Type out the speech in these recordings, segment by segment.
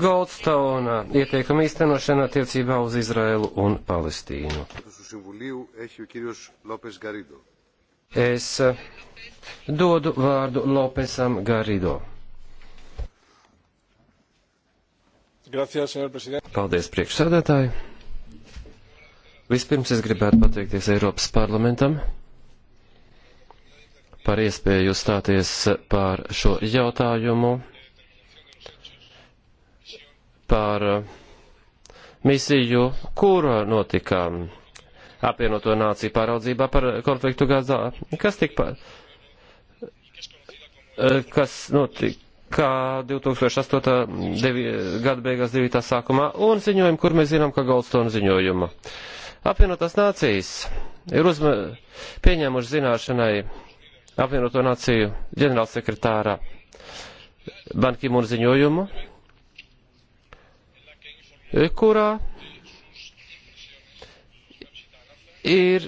Goldstone ieteikuma īstenošana attiecībā uz Izraēlu un Palestīnu. Es eh, dodu vārdu Lopesam Garido. Gracias, Paldies, priekšsēdētāji. Vispirms es gribētu pateikties Eiropas parlamentam par iespēju uzstāties pār šo jautājumu par eh, misiju, kura notika apvienoto nāciju pāraudzībā par konfliktu Gazā. Kas tika, eh, kas notika 2008. Devi, gada beigās 9. sākumā un ziņojumu, kur mēs zinām, ka Goldstone ziņojuma. Apvienotās nācijas ir uzma, pieņēmuši zināšanai apvienoto nāciju ģenerālsekretāra Bankimun ziņojumu, kurā ir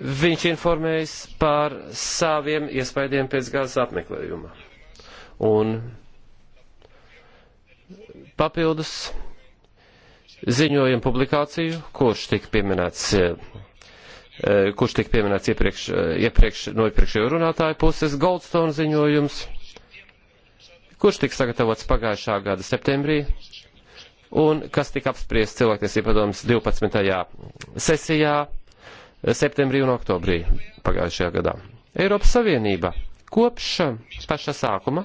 viņš informējis par saviem iespaidiem pēc gāzes apmeklējuma. Un papildus ziņojumu publikāciju, kurš tika pieminēts, eh, eh, kurš tika pieminēts iepriekš, eh, iepriekš, no iepriekšējo runātāju puses, Goldstone ziņojums, kurš tika sagatavots pagājušā gada septembrī un kas tika apspriests cilvēktiesību padomas 12. sesijā eh, septembrī un oktobrī pagājušajā gadā. Eiropas Savienība kopš paša sākuma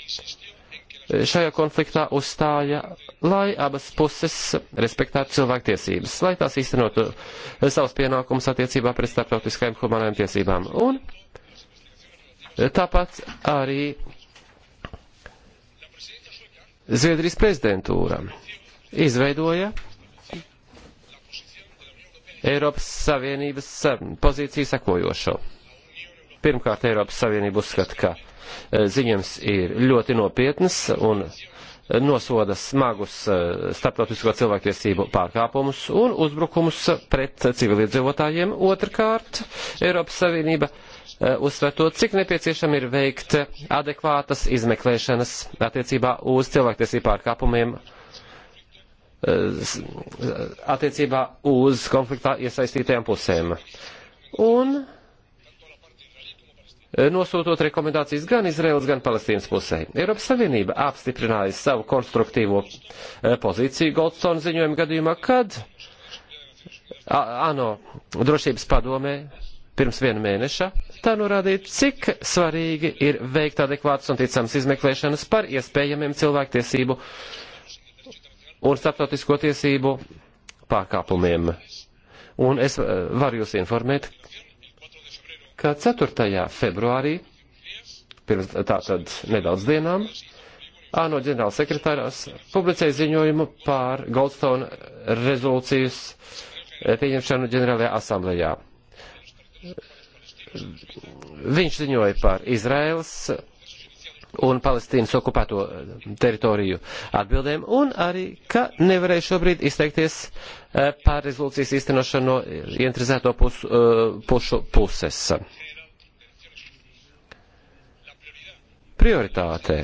eh, šajā konfliktā uzstāja, lai abas puses respektētu cilvēktiesības, lai tās īstenotu eh, savus pienākumus attiecībā pret starptautiskajām humanām tiesībām. Un tāpat arī Zviedrijas prezidentūra izveidoja Eiropas Savienības eh, pozīciju sekojošo. Pirmkārt, Eiropas Savienība uzskata, ka eh, ziņams ir ļoti nopietnas un eh, nosoda smagus starptautisko cilvēktiesību pārkāpumus un uzbrukumus pret civiliedzīvotājiem. Otrkārt, Eiropas Savienība uh, Eh, uzsver to, cik nepieciešami ir veikt adekvātas izmeklēšanas attiecībā uz cilvēktiesību pārkāpumiem, eh, attiecībā uz konfliktā iesaistītajām pusēm. Un eh, nosūtot rekomendācijas gan Izraels, gan Palestīnas pusē. Eiropas Savienība apstiprināja savu konstruktīvo pozīciju Goldstone ziņojuma gadījumā, kad ANO drošības padomē pirms viena mēneša Tā norādīja, cik svarīgi ir veikt adekvātas un ticamas izmeklēšanas par iespējamiem cilvēktiesību un starptautisko tiesību pārkāpumiem. Un es eh, varu jūs informēt, ka 4. februārī, pirms tātad nedaudz dienām, ANO ģenerāls sekretārs publicēja ziņojumu pār Goldstone rezolūcijas eh, pieņemšanu ģenerālajā asamblējā. Viņš ziņoja par Izraels un Palestīnas okupēto eh, teritoriju atbildēm, un arī, ka nevarēja šobrīd izteikties eh, par rezolūcijas īstenošanu no ientrizēto pus, eh, pušu puses. Prioritāte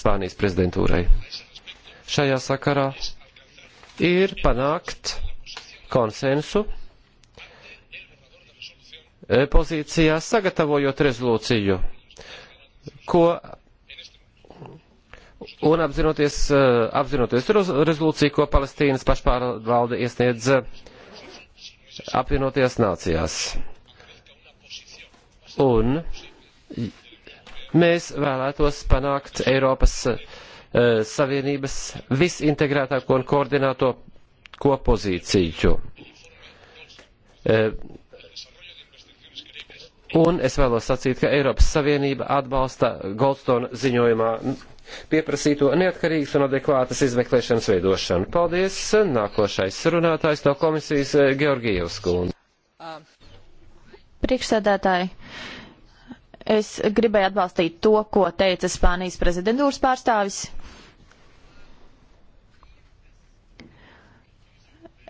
Spānijas prezidentūrai šajā sakarā ir panākt konsensu E, pozīcijā, sagatavojot rezolūciju, ko un apzinoties, e, apzinoties rezolūciju, ko Palestīnas pašpārvalde iesniedz e, apvienoties nācijās. Un mēs vēlētos panākt Eiropas Savienības visintegrētāko un koordināto ko pozīciju Un es vēlos sacīt, ka Eiropas Savienība atbalsta Goldstone ziņojumā pieprasīto neatkarīgas un adekvātas izmeklēšanas veidošanu. Paldies! Nākošais runātājs no komisijas eh, Georgijevs Kundze. Priekšsēdētāji, es gribēju atbalstīt to, ko teica Spānijas prezidentūras pārstāvis.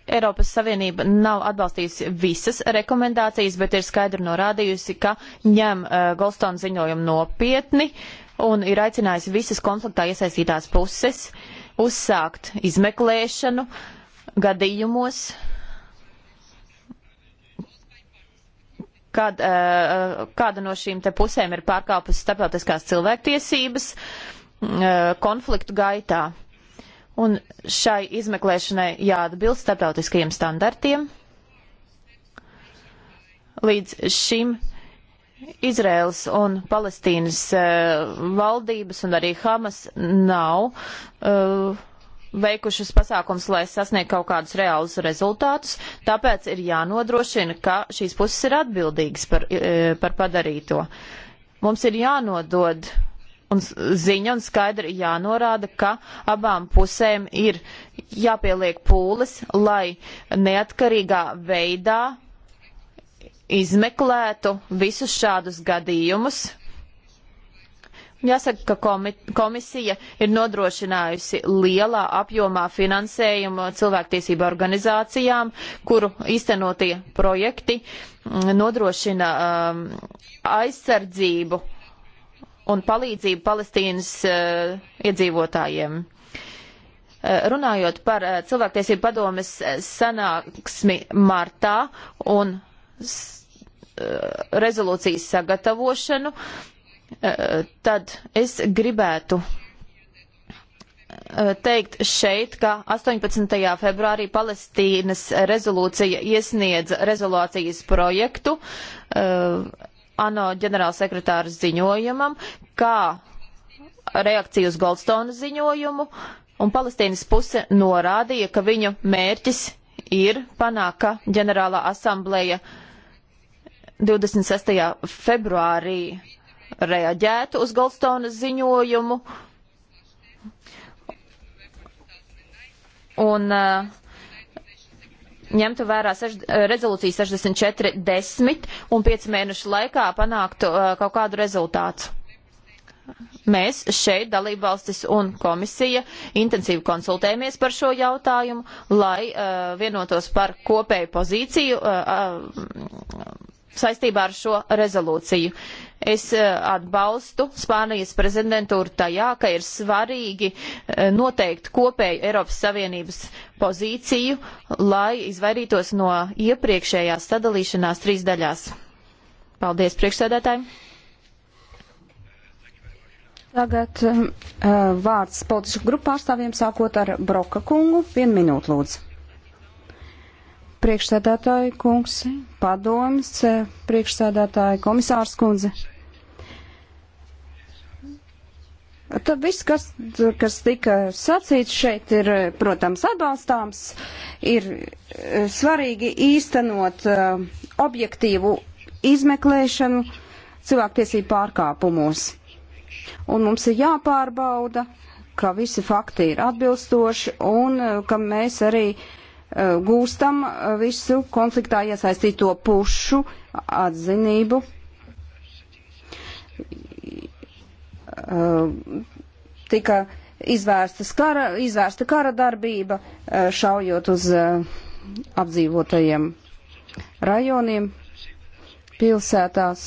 Eiropas Savienība nav atbalstījusi visas rekomendācijas, bet ir skaidri norādījusi, ka ņem uh, Goldstone ziņojumu nopietni un ir aicinājusi visas konfliktā iesaistītās puses uzsākt izmeklēšanu gadījumos, kad uh, uh, kāda no šīm te pusēm ir pārkāpusi starptautiskās cilvēktiesības uh, konfliktu gaitā un šai izmeklēšanai jāatbilst starptautiskajiem standartiem. Līdz šim Izraels un Palestīnas uh, valdības un arī Hamas nav uh, veikušas pasākums, lai sasniegtu kaut kādus reālus rezultātus, tāpēc ir jānodrošina, ka šīs puses ir atbildīgas par, eh, par padarīto. Mums ir jānodod un ziņa un skaidri jānorāda, ka abām pusēm ir jāpieliek pūles, lai neatkarīgā veidā izmeklētu visus šādus gadījumus. Jāsaka, ka komi komisija ir nodrošinājusi lielā apjomā finansējumu cilvēktiesību organizācijām, kuru īstenotie projekti mm, nodrošina um, aizsardzību un palīdzību Palestīnas uh, iedzīvotājiem. Uh, runājot par uh, cilvēktiesību padomes sanāksmi martā un rezolūcijas sagatavošanu, tad es gribētu teikt šeit, ka 18. februārī Palestīnas rezolūcija iesniedz rezolūcijas projektu ANO ģenerālsekretāra ziņojumam, kā reakcija uz Goldstone ziņojumu, un Palestīnas puse norādīja, ka viņu mērķis ir panākt, ka ģenerālā asambleja 26. februārī reaģētu uz Goldstone ziņojumu. Un uh, ņemtu vērā seš, eh, rezolūciju 6410 un 5 mēnešu laikā panāktu uh, kaut kādu rezultātu. Mēs šeit, dalībvalstis un komisija, intensīvi konsultējamies par šo jautājumu, lai uh, vienotos par kopēju pozīciju. Uh, uh, saistībā ar šo rezolūciju. Es eh, atbalstu Spānijas prezidentūru tajā, ka ir svarīgi eh, noteikt kopēju Eiropas Savienības pozīciju, lai izvairītos no iepriekšējās sadalīšanās trīs daļās. Paldies priekšsēdētājiem! Tagad uh, vārds politisku grupu pārstāvjiem sākot ar Broka kungu. Vienu minūtu lūdzu priekšsēdētāja kungs, padomas eh, priekšsēdētāja komisārs kundze. Tad viss, kas, kas tika sacīts šeit, ir, eh, protams, atbalstāms, ir eh, svarīgi īstenot objektīvu izmeklēšanu cilvēktiesību pārkāpumos. Un mums ir jāpārbauda, ka visi fakti ir atbilstoši un ka mēs arī uh, Eh, gūstam eh, visu konfliktā iesaistīto pušu atzinību. Eh, tika izvērstas kara, izvērsta kara darbība, šaujot uz apdzīvotajiem rajoniem, pilsētās.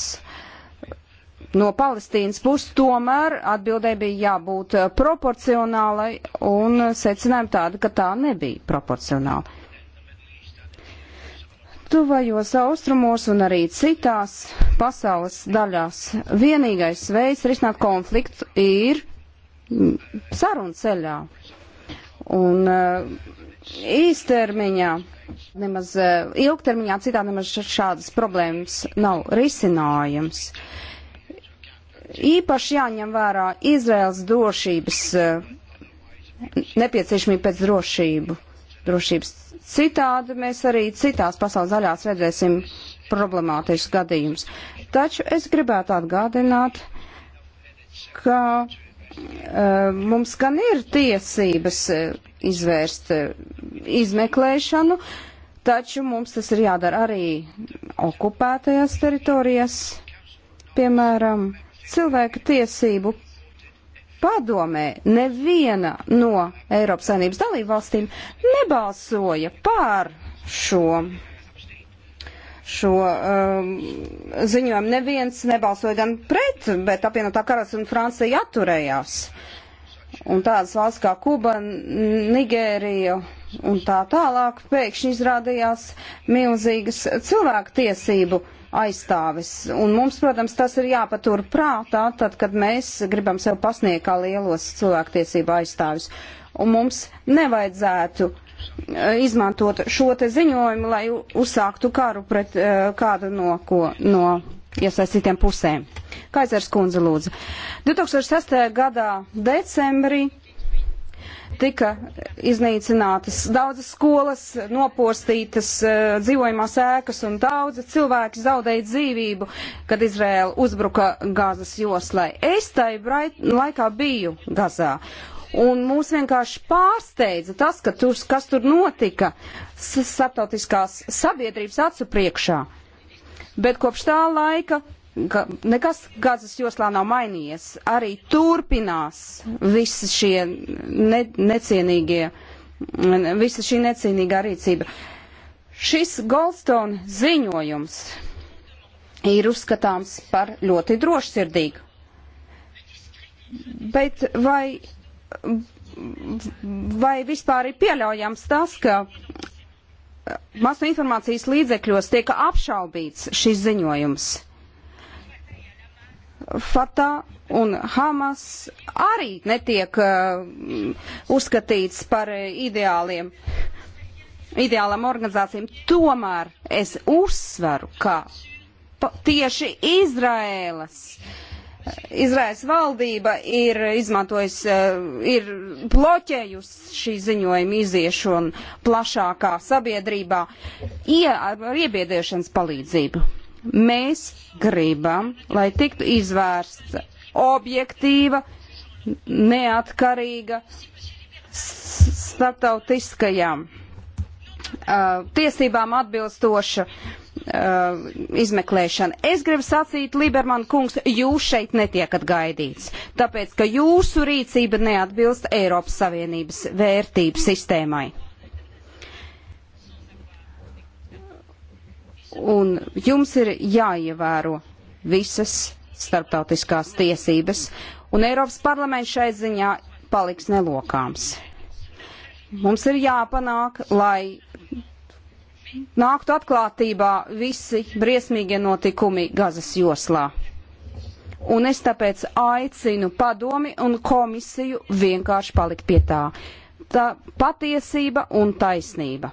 No Palestīnas puses tomēr atbildēji bija jābūt proporcionālai un secinājumi tādi, ka tā nebija proporcionāla tuvajos austrumos un arī citās pasaules daļās vienīgais veids risināt konfliktu ir mm, sarunu ceļā. Un uh, īstermiņā, nemaz uh, ilgtermiņā citā nemaz šādas problēmas nav risinājums. Īpaši jāņem vērā Izraels drošības, uh, nepieciešamība pēc drošību, drošības Citādi mēs arī citās pasaules daļās redzēsim problemātisks gadījums. Taču es gribētu atgādināt, ka eh, mums gan ir tiesības eh, izvērst eh, izmeklēšanu, taču mums tas ir jādara arī okupētajās teritorijās, piemēram, cilvēka tiesību padomē neviena no Eiropas Savienības dalībvalstīm nebalsoja pār šo. Šo um, ziņojumu neviens nebalsoja gan pret, bet apvienotā karas un Francija atturējās. Un tādas valsts kā Kuba, Nigērija un tā tālāk pēkšņi izrādījās milzīgas cilvēku tiesību uh, aizstāvis. Un mums, protams, tas ir jāpatur prātā, tad, kad mēs gribam sev pasniegt kā lielos cilvēktiesību aizstāvis. Un mums nevajadzētu eh, izmantot šo te ziņojumu, lai uzsāktu karu pret uh, kādu no, ko, no iesaistītiem pusēm. Kaisers kundze lūdzu. 2006. gadā decembrī tika iznīcinātas daudzas skolas, nopostītas e, dzīvojamās ēkas un daudzi cilvēki zaudēja dzīvību, kad Izrēla uzbruka Gāzes joslai. Es tai laikā biju Gazā. Un mūs vienkārši pārsteidza tas, ka tur, kas tur notika starptautiskās sabiedrības acu priekšā. Bet kopš tā laika Ga, nekas Gazas joslā nav mainījies. Arī turpinās visi šie ne, necienīgie, visa šī necienīgā rīcība. Šis Goldstone ziņojums ir uzskatāms par ļoti drošsirdīgu. Bet vai, vai vispār ir pieļaujams tas, ka masu informācijas līdzekļos tiek apšaubīts šis ziņojums? Fatā un Hamas arī netiek uh, uzskatīts par uh, ideāliem, ideālam organizācijām. Tomēr es uzsveru, ka tieši Izraēlas. Izraels valdība ir izmantojusi, uh, ir bloķējusi šī ziņojuma iziešanu plašākā sabiedrībā ie, ar iebiedēšanas palīdzību. Mēs gribam, lai tiktu izvērsta objektīva, neatkarīga starptautiskajām uh, tiesībām atbilstoša uh, izmeklēšana. Es gribu sacīt, Liberman kungs, jūs šeit netiekat gaidīts, tāpēc, ka jūsu rīcība neatbilst Eiropas Savienības vērtību sistēmai. un jums ir jāievēro visas starptautiskās tiesības, un Eiropas parlaments šai ziņā paliks nelokāms. Mums ir jāpanāk, lai nāktu atklātībā visi briesmīgie notikumi Gazas joslā. Un es tāpēc aicinu padomi un komisiju vienkārši palikt pie tā. Tā patiesība un taisnība.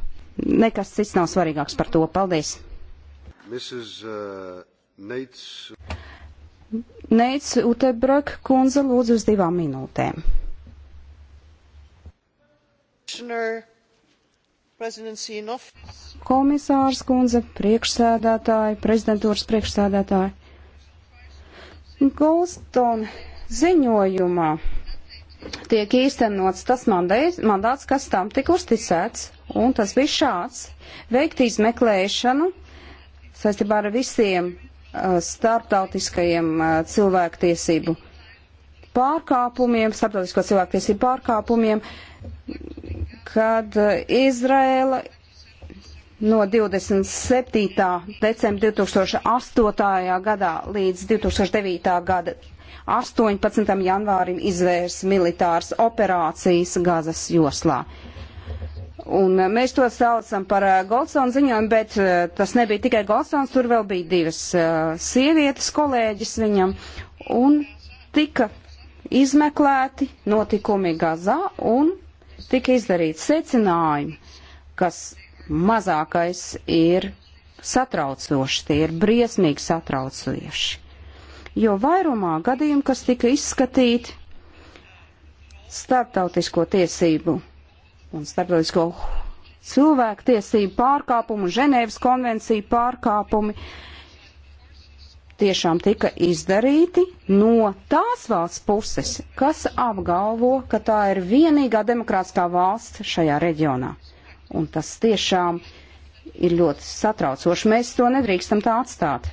Nekas cits nav svarīgāks par to. Paldies! Mrs. Uh, Neits. Neits Utebrak kundze lūdzu uz divām minūtēm. Komisārs kundze, priekšsēdētāji, prezidentūras priekšsēdētāji. Goldstone ziņojumā tiek īstenots tas mandāts, kas tam tika uzticēts, un tas bija šāds - veikt izmeklēšanu saistībā ar visiem uh, starptautiskajiem uh, cilvēktiesību pārkāpumiem, starptautisko cilvēktiesību pārkāpumiem, kad uh, Izraela no 27. decembra 2008. gadā līdz 2009. gada 18. janvārim izvērs militāras operācijas Gazas joslā. Un eh, mēs to saucam par eh, Goldsona ziņojumu, bet eh, tas nebija tikai Goldsons, tur vēl bija divas sievietes kolēģis viņam. Un tika izmeklēti notikumi Gazā un tika izdarīti secinājumi, kas mazākais ir satraucoši, tie ir briesmīgi satraucoši. Jo vairumā gadījumu, kas tika izskatīti starptautisko tiesību un starptautisko cilvēktiesību pārkāpumu, Ženēvas konvenciju pārkāpumi tiešām tika izdarīti no tās valsts puses, kas apgalvo, ka tā ir vienīgā demokrātiskā valsts šajā reģionā. Un tas tiešām ir ļoti satraucoši. Mēs to nedrīkstam tā atstāt.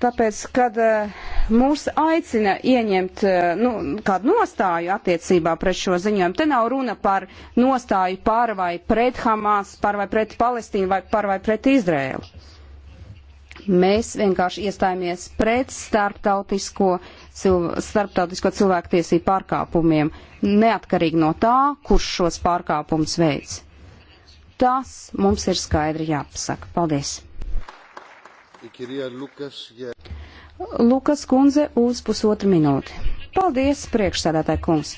Tāpēc, kad eh, mūs aicina ieņemt eh, nu, kādu nostāju attiecībā pret šo ziņojumu, te nav runa par nostāju par vai pret Hamas, par vai pret Palestīnu, vai par vai pret Izrēlu. Mēs vienkārši iestājāmies pret starptautisko, cilv starptautisko cilvēktiesību pārkāpumiem, neatkarīgi no tā, kurš šos pārkāpumus veids. Tas mums ir skaidri jāpasaka. Paldies! Lukas kundze uz pusotru minūti. Paldies, priekšsēdētāji kungs.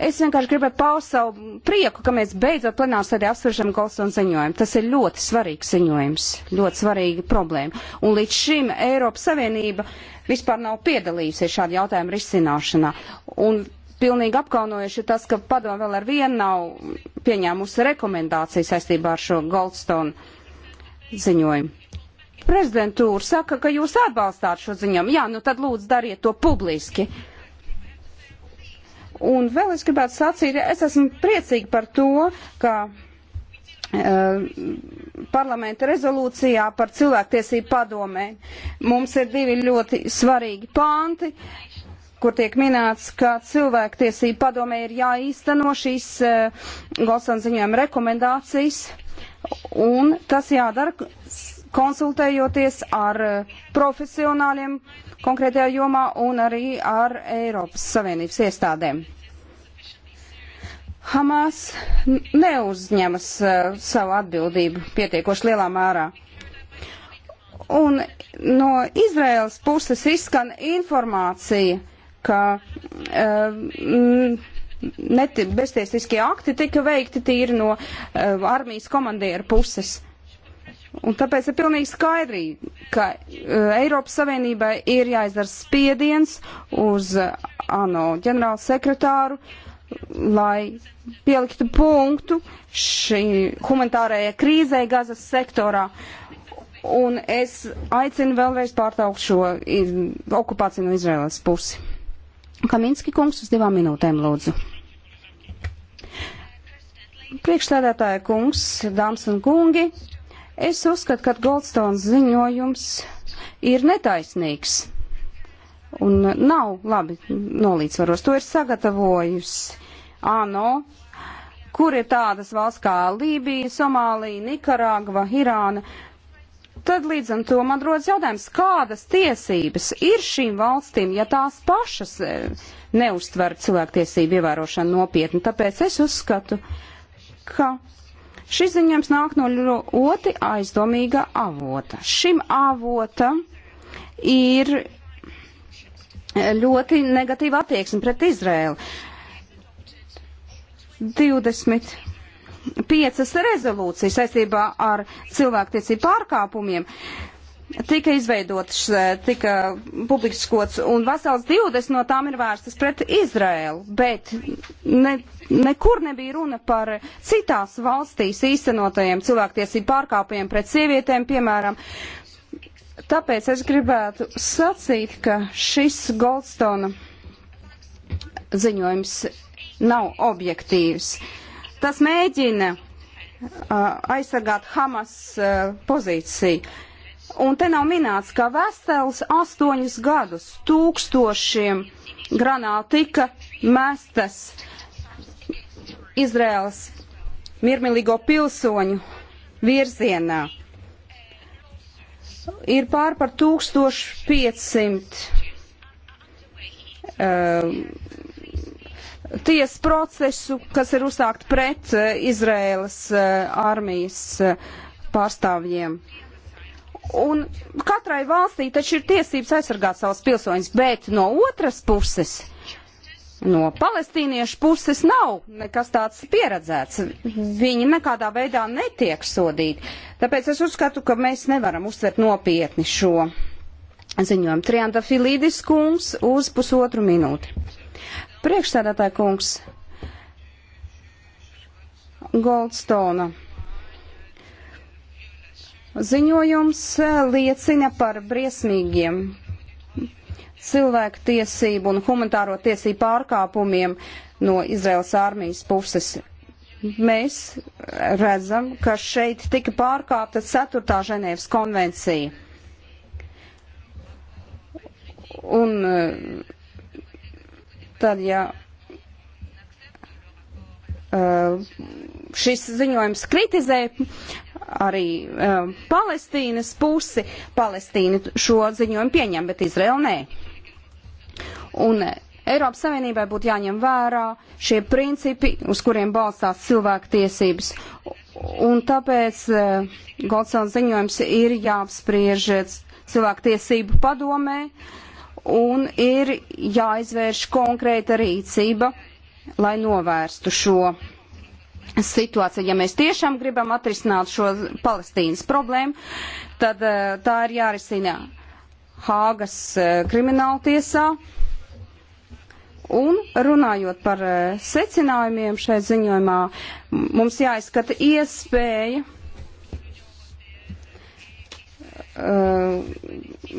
Es vienkārši gribēju paust savu prieku, ka mēs beidzot plenāru sēdē apsveržam Golsona ziņojumu. Tas ir ļoti svarīgs ziņojums, ļoti svarīga problēma. Un līdz šim Eiropas Savienība vispār nav piedalījusies šādu jautājumu risināšanā. Un pilnīgi apkaunojuši tas, ka padomu vēl ar vienu nav pieņēmusi rekomendāciju saistībā ar šo Goldstone ziņojumu prezidentūra saka, ka jūs atbalstāt šo ziņojumu. Jā, nu tad lūdzu dariet to publiski. Un vēl es gribētu sacīt, es esmu priecīgi par to, ka eh, parlamenta rezolūcijā par cilvēktiesību padomē. Mums ir divi ļoti svarīgi panti, kur tiek minēts, ka cilvēktiesību padomē ir jāīsteno šīs uh, eh, Golsan ziņojuma rekomendācijas, un tas jādara konsultējoties ar eh, profesionāļiem konkrētajā jomā un arī ar Eiropas Savienības iestādēm. Hamas neuzņemas uh, savu atbildību pietiekoši lielā mērā. Un no Izraēlas puses izskan informācija, ka uh, neti, beztiesiskie akti tika veikti tīri no uh, armijas komandieru puses. Un tāpēc ir pilnīgi skaidrīgi, ka e, Eiropas Savienībai ir jāizdara spiediens uz e, ANO ģenerālu sekretāru, lai pieliktu punktu šī humanitārajai krīzei gazas sektorā. Un es aicinu vēlreiz pārtaukt šo okupāciju no Izraēlas pusi. Kaminski kungs uz divām minūtēm lūdzu. Priekšstādātāja kungs, dāmas un kungi, Es uzskatu, ka Goldstones ziņojums ir netaisnīgs un nav labi nolīdzvaros. To ir sagatavojusi ANO, kur ir tādas valsts kā Lībija, Somālija, Nikaragva, Irāna. Tad līdz ar to man rodas jautājums, kādas tiesības ir šīm valstīm, ja tās pašas e, neuztver cilvēktiesību ievērošanu nopietni. Tāpēc es uzskatu, ka Šis ziņojums nāk no ļoti aizdomīga avota. Šim avotam ir ļoti negatīva attieksme pret Izrēlu. 25 rezolūcijas saistībā ar cilvēktiesību pārkāpumiem tika izveidotas, eh, tika publiskots, un vesels 20 no tām ir vērstas pret Izraēlu, bet ne, nekur nebija runa par citās valstīs īstenotajiem cilvēktiesību pārkāpumiem pret sievietēm, piemēram. Tāpēc es gribētu sacīt, ka šis Goldstone ziņojums nav objektīvs. Tas mēģina uh, aizsargāt Hamas uh, pozīciju. Uh, Un te nav minēts, ka vesels astoņus gadus tūkstošiem granātu tika mestas Izraels miermīlīgo pilsoņu virzienā. Ir pār par 1500 uh, tiesu procesu, kas ir uzsākt pret uh, eh, Izraēlas uh, eh, armijas uh, pārstāvjiem. Uh, Un katrai valstī taču ir tiesības aizsargāt savus pilsoņus, bet no otras puses, no palestīniešu puses nav nekas tāds pieredzēts. Viņi nekādā veidā netiek sodīti. Tāpēc es uzskatu, ka mēs nevaram uztvert nopietni šo ziņojumu. Trianta Filīdis kungs uz pusotru minūti. Priekšsēdētāja kungs Goldstona Ziņojums eh, liecina par briesmīgiem cilvēku tiesību un humanitāro tiesību pārkāpumiem no Izraels armijas puses. Mēs redzam, ka šeit tika pārkāpta 4. Ženēvas konvencija. Un eh, tad, ja eh, šis ziņojums kritizē arī um, Palestīnas pusi. Palestīna šo ziņojumu pieņem, bet Izraela nē. Un eh, Eiropas Savienībai būtu jāņem vērā šie principi, uz kuriem balstās cilvēku tiesības. Un tāpēc uh, eh, Goldsons ziņojums ir jāapspriež cilvēku tiesību padomē un ir jāizvērš konkrēta rīcība, lai novērstu šo situācija. Ja mēs tiešām gribam atrisināt šo Palestīnas problēmu, tad eh, tā ir jārisina Hāgas eh, krimināla tiesā. Un runājot par eh, secinājumiem šai ziņojumā, mums jāizskata iespēja, uh,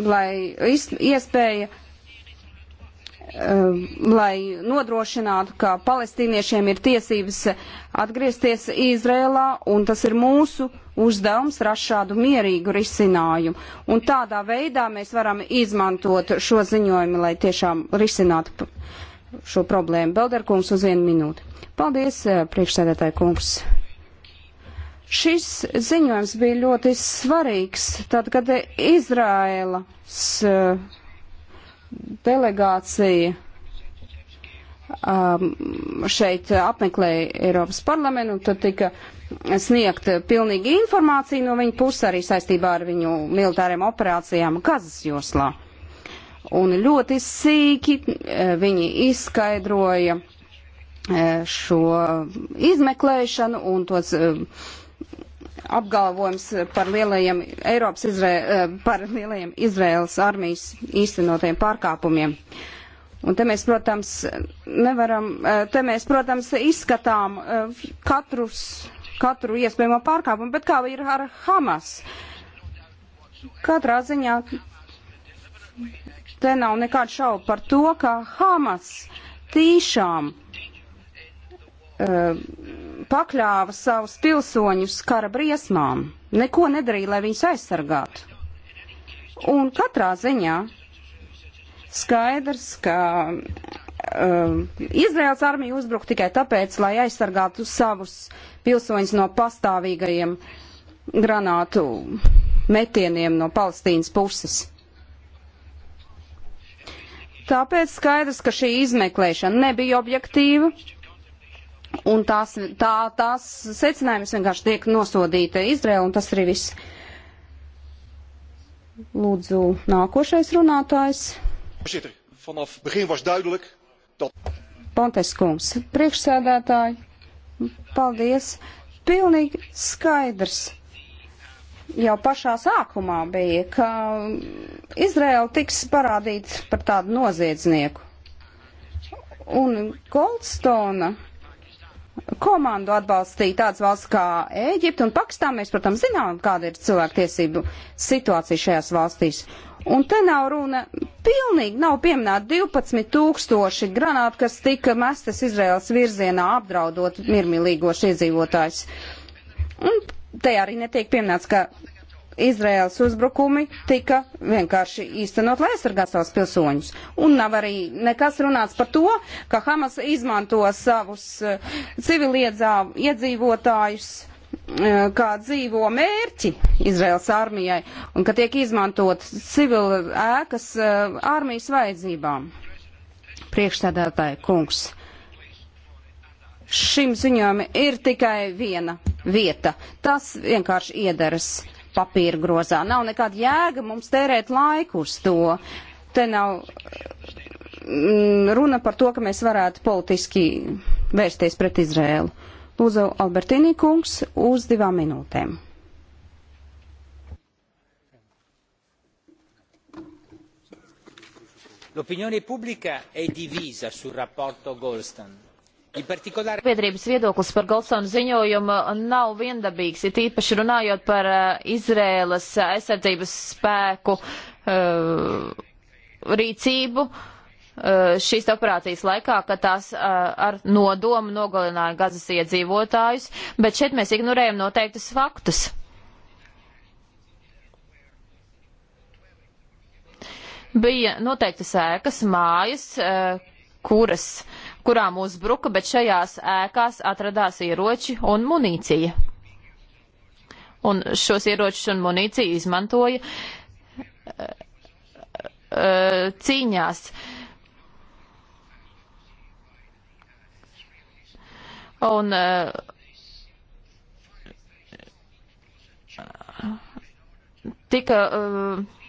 lai iespēja Um, lai nodrošinātu, ka palestīniešiem ir tiesības atgriezties Izrēlā, un tas ir mūsu uzdevums rast šādu mierīgu risinājumu. Un tādā veidā mēs varam izmantot šo ziņojumu, lai tiešām risinātu šo problēmu. Belderkungs uz vienu minūti. Paldies, eh, priekšsēdētāji kungs. Šis ziņojums bija ļoti svarīgs, tad, kad Izrēlas uh, delegācija um, šeit apmeklēja Eiropas parlamentu, tad tika sniegt pilnīgi informāciju no viņa puses arī saistībā ar viņu militāriem operācijām Gazas joslā. Un ļoti sīki eh, viņi izskaidroja eh, šo izmeklēšanu un tos eh, apgalvojums par lielajiem Eiropas Izrē, eh, par lielajiem Izraēlas armijas īstenotajiem pārkāpumiem. Un te mēs, protams, nevaram, eh, te mēs, protams, izskatām eh, katrus, katru iespējamo pārkāpumu, bet kā ir ar Hamas? Katrā ziņā te nav nekādu šaubu par to, ka Hamas tīšām uh, Eh, pakļāva savus pilsoņus kara briesmām, neko nedarīja, lai viņus aizsargātu. Un katrā ziņā skaidrs, ka um, Izraels armija uzbruka tikai tāpēc, lai aizsargātu savus pilsoņus no pastāvīgajiem granātu metieniem no Palestīnas puses. Tāpēc skaidrs, ka šī izmeklēšana nebija objektīva, un tās, tā, tās secinājumas vienkārši tiek nosodīta Izraela, un tas arī viss. Lūdzu, nākošais runātājs. Pontes kungs, priekšsēdētāji, paldies. Pilnīgi skaidrs. Jau pašā sākumā bija, ka Izraela tiks parādīta par tādu noziedznieku. Un Goldstona komandu atbalstīja tādas valsts kā Ēģipte un Pakistāna. Mēs, protams, zinām, kāda ir cilvēktiesību situācija šajās valstīs. Un te nav runa, pilnīgi nav pieminēta 12 tūkstoši granātu, kas tika mestas Izraels virzienā apdraudot mirmīlīgos iedzīvotājus. Un te arī netiek pieminēts, ka Izraels uzbrukumi tika vienkārši īstenot, lai aizsargātu savus pilsoņus. Un nav arī nekas runāts par to, ka Hamas izmanto savus eh, civiliedzīvotājus eh, kā dzīvo mērķi Izraels armijai un ka tiek izmantot civila ēkas eh, armijas vajadzībām. Priekšstādātāja kungs šim ziņojumam ir tikai viena vieta. Tas vienkārši iedaras papīra grozā. Nav nekāda jēga mums tērēt laiku uz to. Te nav mm, runa par to, ka mēs varētu politiski vērsties pret Izrēlu. Lūdzu, Albertīnī kungs, uz divām minūtēm. l'opinione pubblica è divisa sul rapporto goldstone. Sabiedrības viedoklis par Golsona ziņojumu nav viendabīgs, ir īpaši runājot par uh, Izrēlas aizsardzības spēku uh, rīcību uh, šīs operācijas laikā, ka tās ar nodomu nogalināja gazas iedzīvotājus, bet šeit mēs ignorējam noteiktus faktus. Bija noteiktas ēkas, mājas, kuras uh, kurām uzbruka, bet šajās ēkās atradās ieroči un munīcija. Un šos ieročus un munīciju izmantoja eh, eh, cīņās. Un eh, tika uh,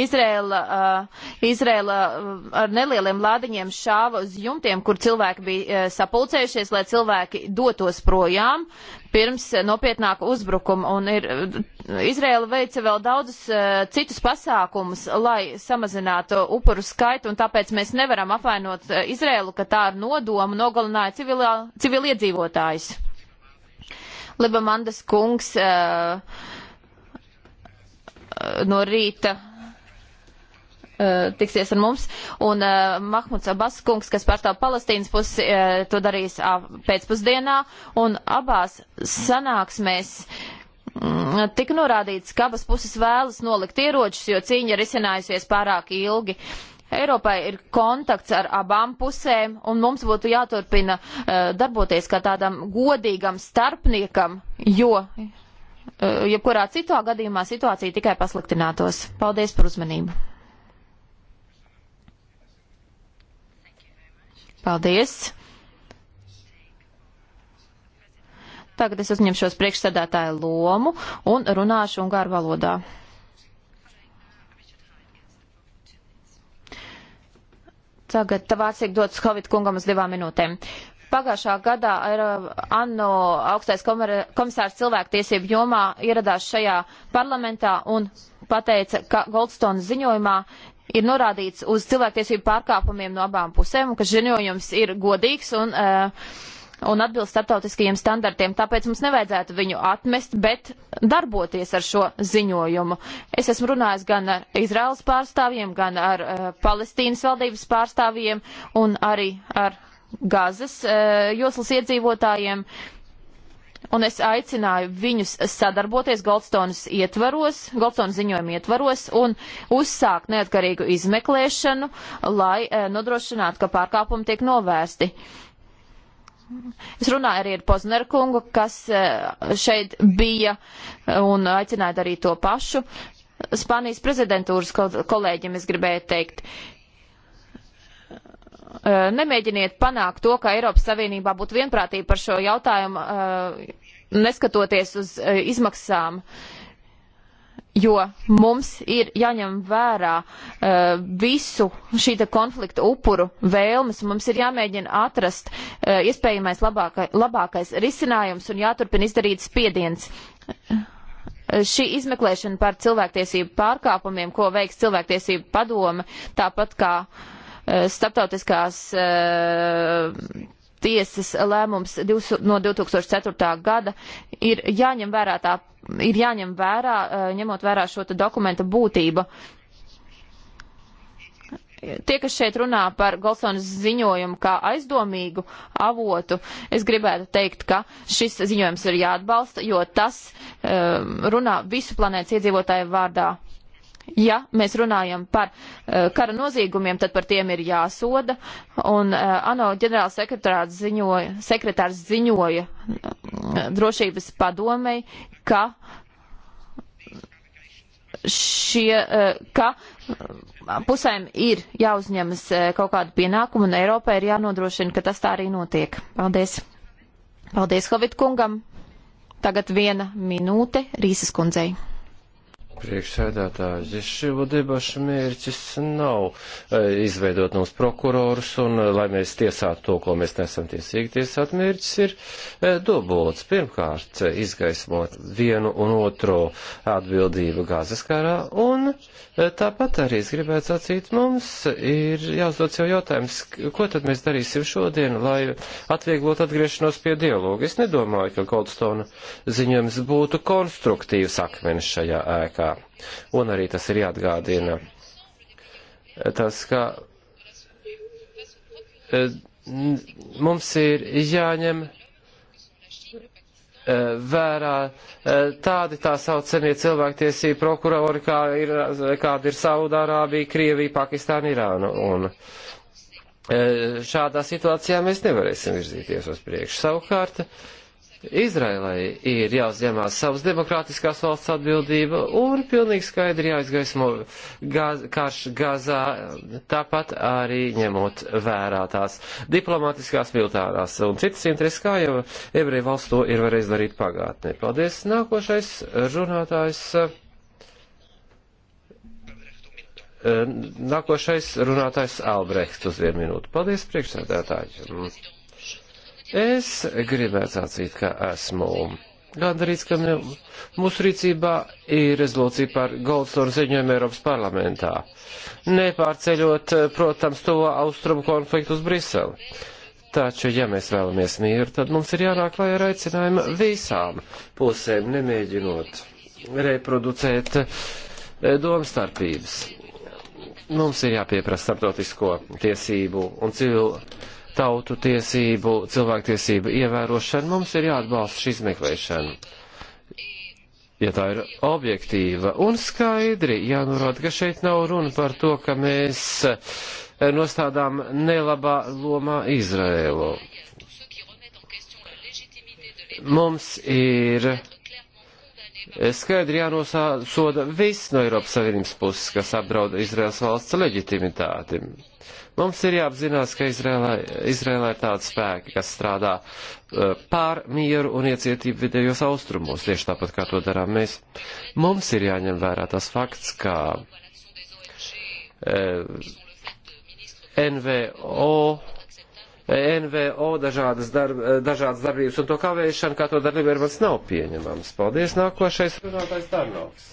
Izrēla, uh, Izrēla uh, ar nelieliem lādiņiem šāva uz jumtiem, kur cilvēki bija uh, sapulcējušies, lai cilvēki dotos projām pirms uh, nopietnāka uzbrukuma. Un ir, uh, Izrēla veica vēl daudzus uh, citus pasākumus, lai samazinātu upuru skaitu, un tāpēc mēs nevaram apvainot Izrēlu, ka tā ar nodomu nogalināja civilā, civiliedzīvotājus. Liba Mandas kungs. Uh, no rīta Eh, tiksies ar mums. Un uh, Mahmuds Abbas kungs, kas pārstāv Palestīnas pusi, uh, to darīs uh, pēcpusdienā. Un abās sanāksmēs mm, tika norādīts, ka abas puses vēlas nolikt ieročus, jo cīņa ir izcinājusies pārāk ilgi. Eiropai ir kontakts ar abām pusēm, un mums būtu jāturpina uh, darboties kā tādam godīgam starpniekam, jo uh, jebkurā citā gadījumā situācija tikai pasliktinātos. Paldies par uzmanību! Paldies! Tagad es uzņemšos priekšsēdētāju lomu un runāšu ungāru valodā. Tagad tavāts tiek dots Hovit kungam uz divām minūtēm. Pagājušā gadā ir ANO augstais komisārs cilvēktiesību jomā ieradās šajā parlamentā un pateica, ka Goldstone ziņojumā ir norādīts uz cilvēktiesību pārkāpumiem no abām pusēm, ka ziņojums ir godīgs un, uh, un atbilst starptautiskajiem standartiem. Tāpēc mums nevajadzētu viņu atmest, bet darboties ar šo ziņojumu. Es esmu runājis gan ar Izraels pārstāvjiem, gan ar uh, Palestīnas valdības pārstāvjiem un arī ar Gazas uh, joslas iedzīvotājiem. Uh, un es aicināju viņus sadarboties Goldstonas ietvaros, Goldstonas ziņojuma ietvaros un uzsākt neatkarīgu izmeklēšanu, lai e, nodrošinātu, ka pārkāpumi tiek novērsti. Es runāju arī ar Poznaru kungu, kas e, šeit bija un aicināju darīt to pašu. Spānijas prezidentūras kol kolēģiem es gribēju teikt, Eh, nemēģiniet panākt to, ka Eiropas Savienībā būtu vienprātība par šo jautājumu, eh, neskatoties uz eh, izmaksām, jo mums ir jāņem vērā visu šī konflikta upuru vēlmes, un mums ir jāmēģina atrast iespējamais labākais, labākais risinājums un jāturpina izdarīt spiediens šī izmeklēšana par cilvēktiesību pārkāpumiem, ko veiks cilvēktiesību padome, tāpat kā uh, Eh, starptautiskās eh, tiesas lēmums no 2004. gada ir jāņem vērā, tā, ir jāņem vērā eh, ņemot vērā šo dokumenta būtību. Tie, kas šeit runā par Golsonas ziņojumu kā aizdomīgu avotu, es gribētu teikt, ka šis ziņojums ir jāatbalsta, jo tas um, runā visu planētas iedzīvotāju vārdā ja mēs runājam par uh, kara noziegumiem, tad par tiem ir jāsoda. Un uh, ANO ģenerāls sekretārs ziņoja, sekretārs ziņoja uh, drošības padomei, ka šie, ka pusēm ir jāuzņemas kaut kādu pienākumu un Eiropai ir jānodrošina, ka tas tā arī notiek. Paldies. Paldies Hovid kungam. Tagad viena minūte Rīsas kundzei priekšsēdētāji, šo debašu mērķis nav eh, izveidot mums prokurorus un eh, lai mēs tiesātu to, ko mēs nesam tiesīgi tiesāt. Mērķis ir eh, dobots. Pirmkārt, izgaismot vienu un otro atbildību gāzes karā un tāpat arī es gribētu sacīt, mums ir jāuzdod sev jautājums, ko tad mēs darīsim šodien, lai atvieglot atgriešanos pie dialoga. Es nedomāju, ka Goldstone ziņojums būtu konstruktīvs akmenis šajā ēkā sakarā. Un arī tas ir jāatgādina. Tas, ka e, mums ir jāņem e, vērā e, tādi tā saucamie cilvēktiesību prokurori, kā ir, kāda ir Saudārābija, Krievija, Pakistāna, Irāna. Un šādā situācijā mēs nevarēsim virzīties uz priekšu. Savukārt, uh, Izraēlai ir jāuzņemās savas demokrātiskās valsts atbildība un pilnīgi skaidri jāizgaismo gaz, karš Gazā, tāpat arī ņemot vērā tās diplomatiskās, militārās un citas intereses, kā jau ebreju valsts to ir varējis darīt pagātnē. Paldies. Nākošais runātājs. Eh, nākošais runātājs Albrechts uz vienu minūtu. Paldies, priekšsēdētāji. Es gribētu sacīt, ka esmu gandrīz, ka mūsu rīcībā ir rezolūcija par Goldstone ziņojumu Eiropas parlamentā, nepārceļot, eh, protams, to austrumu konfliktu uz Briseli. Taču, ja mēs vēlamies mieru, tad mums ir jānāk lai ar aicinājumu visām pusēm, nemēģinot reproducēt eh, domstarpības. Mums ir jāpieprasa starptautisko tiesību un civilu tautu tiesību, cilvēktiesību ievērošanu, mums ir jāatbalsta šī izmeklēšana. Ja tā ir objektīva un skaidri, jānorāda, ka šeit nav runa par to, ka mēs eh, nostādām nelabā lomā Izraēlu. Mums ir eh, skaidri jānosoda viss no Eiropas Savienības puses, kas apdrauda Izraels valsts leģitimitāti. Mums ir jāapzinās, ka Izrēlē, Izrēlē ir tāda spēka, kas strādā e, pār mieru un iecietību vidējos austrumos, tieši tāpat kā to darām mēs. Mums ir jāņem vērā tas fakts, ka eh, NVO e, NVO dažādas, darb, e, dažādas darbības un to kavēšana, kā to darīja, ir mans nav pieņemams. Paldies, nākošais runātājs Tarnovs.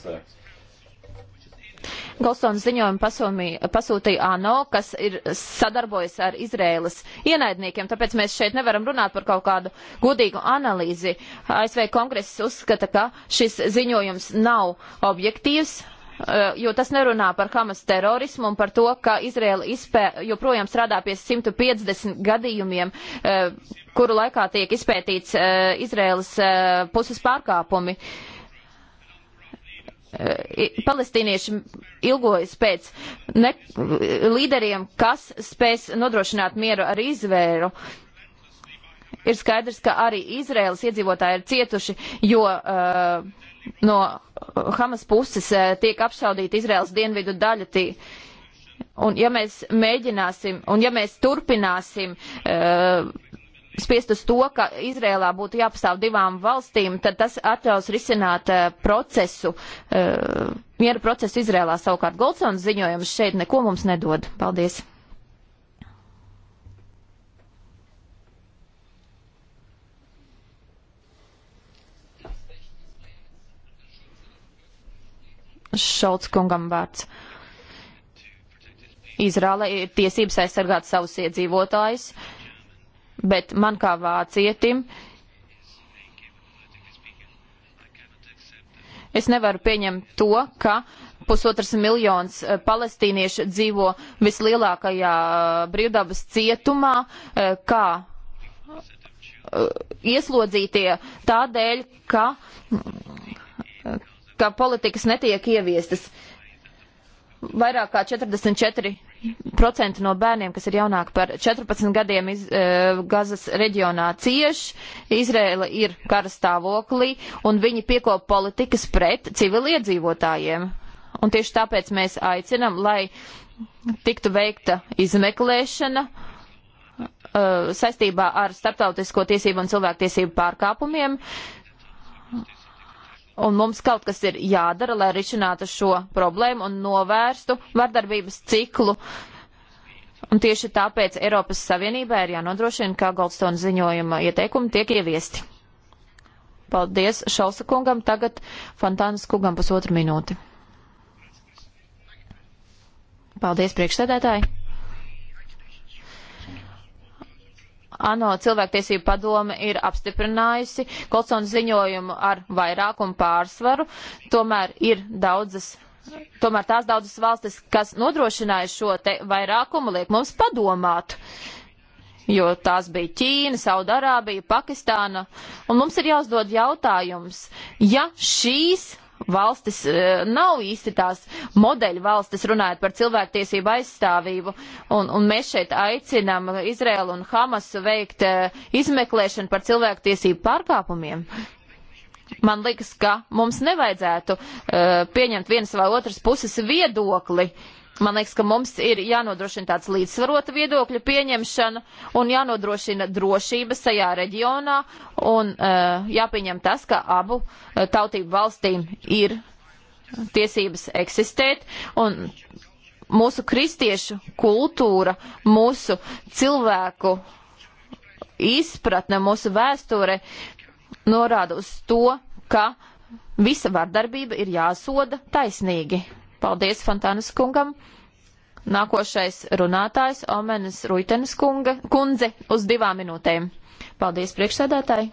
Golsons ziņojumu pasūmī, pasūtīja ANO, kas ir sadarbojas ar Izrēlas ienaidniekiem, tāpēc mēs šeit nevaram runāt par kaut kādu godīgu analīzi. ASV kongress uzskata, ka šis ziņojums nav objektīvs, e, jo tas nerunā par Hamas terorismu un par to, ka Izraela izpē, joprojām strādā pie 150 gadījumiem, e, kuru laikā tiek izpētīts e, Izraels puses pārkāpumi. Uh, Eh, palestīnieši ilgojas pēc ne, līderiem, kas spēs nodrošināt mieru ar Izvēru. Ir skaidrs, ka arī Izraels iedzīvotāji ir cietuši, jo uh, no Hamas puses uh, tiek apšaudīta Izraels dienvidu daļa. Tī, un ja mēs mēģināsim, un ja mēs turpināsim uh, spiest uz to, ka Izrēlā būtu jāpastāv divām valstīm, tad tas atļaus risināt uh, procesu, uh, eh, miera procesu Izrēlā. Savukārt Goldsons ziņojums šeit neko mums nedod. Paldies! Šolts kungam vārds. Izrāle ir tiesības aizsargāt savus iedzīvotājus. Uh, bet man kā vācietim es nevaru pieņemt to, ka pusotras miljons eh, palestīniešu dzīvo vislielākajā eh, brīvdabas cietumā, eh, kā ieslodzītie tādēļ, ka, ka politikas netiek ieviestas. Vairāk kā 44 procenti no bērniem, kas ir jaunāki par 14 gadiem iz, uh, Gazas reģionā cieš, Izrēla ir kara stāvoklī, un viņi piekop politikas pret civiliedzīvotājiem. Un tieši tāpēc mēs aicinam, lai tiktu veikta izmeklēšana uh, saistībā ar starptautisko tiesību un cilvēktiesību pārkāpumiem. Uh, Un mums kaut kas ir jādara, lai risinātu šo problēmu un novērstu vardarbības ciklu. Un tieši tāpēc Eiropas Savienībā ir jānodrošina, kā Goldstone ziņojuma ieteikumi tiek ieviesti. Paldies Šausa kungam, tagad Fantānas kungam pusotru minūti. Paldies priekšsēdētāji! ANO cilvēktiesību padome ir apstiprinājusi Kolsons ziņojumu ar vairākumu pārsvaru, tomēr ir daudzas. Tomēr tās daudzas valstis, kas nodrošināja šo te vairākumu, liek mums padomāt, jo tās bija Ķīna, Saudarābija, Pakistāna, un mums ir jāuzdod jautājums, ja šīs valstis e, nav īsti tās modeļu valstis, runājot par cilvēktiesību aizstāvību, un, un mēs šeit aicinām Izrēlu un Hamasu veikt e, izmeklēšanu par cilvēktiesību pārkāpumiem. Man liekas, ka mums nevajadzētu uh, pieņemt vienas vai otras puses viedokli uh, Man liekas, ka mums ir jānodrošina tāds līdzsvarota viedokļa pieņemšana un jānodrošina drošība tajā reģionā un uh, jāpieņem tas, ka abu uh, tautību valstīm ir tiesības eksistēt un mūsu kristiešu kultūra, mūsu cilvēku izpratne, mūsu vēsture norāda uz to, ka visa vardarbība ir jāsoda taisnīgi. Paldies Fontānas kungam. Nākošais runātājs Omenes Ruitenes kunga, kundze uz divām minūtēm. Paldies priekšsēdētāji.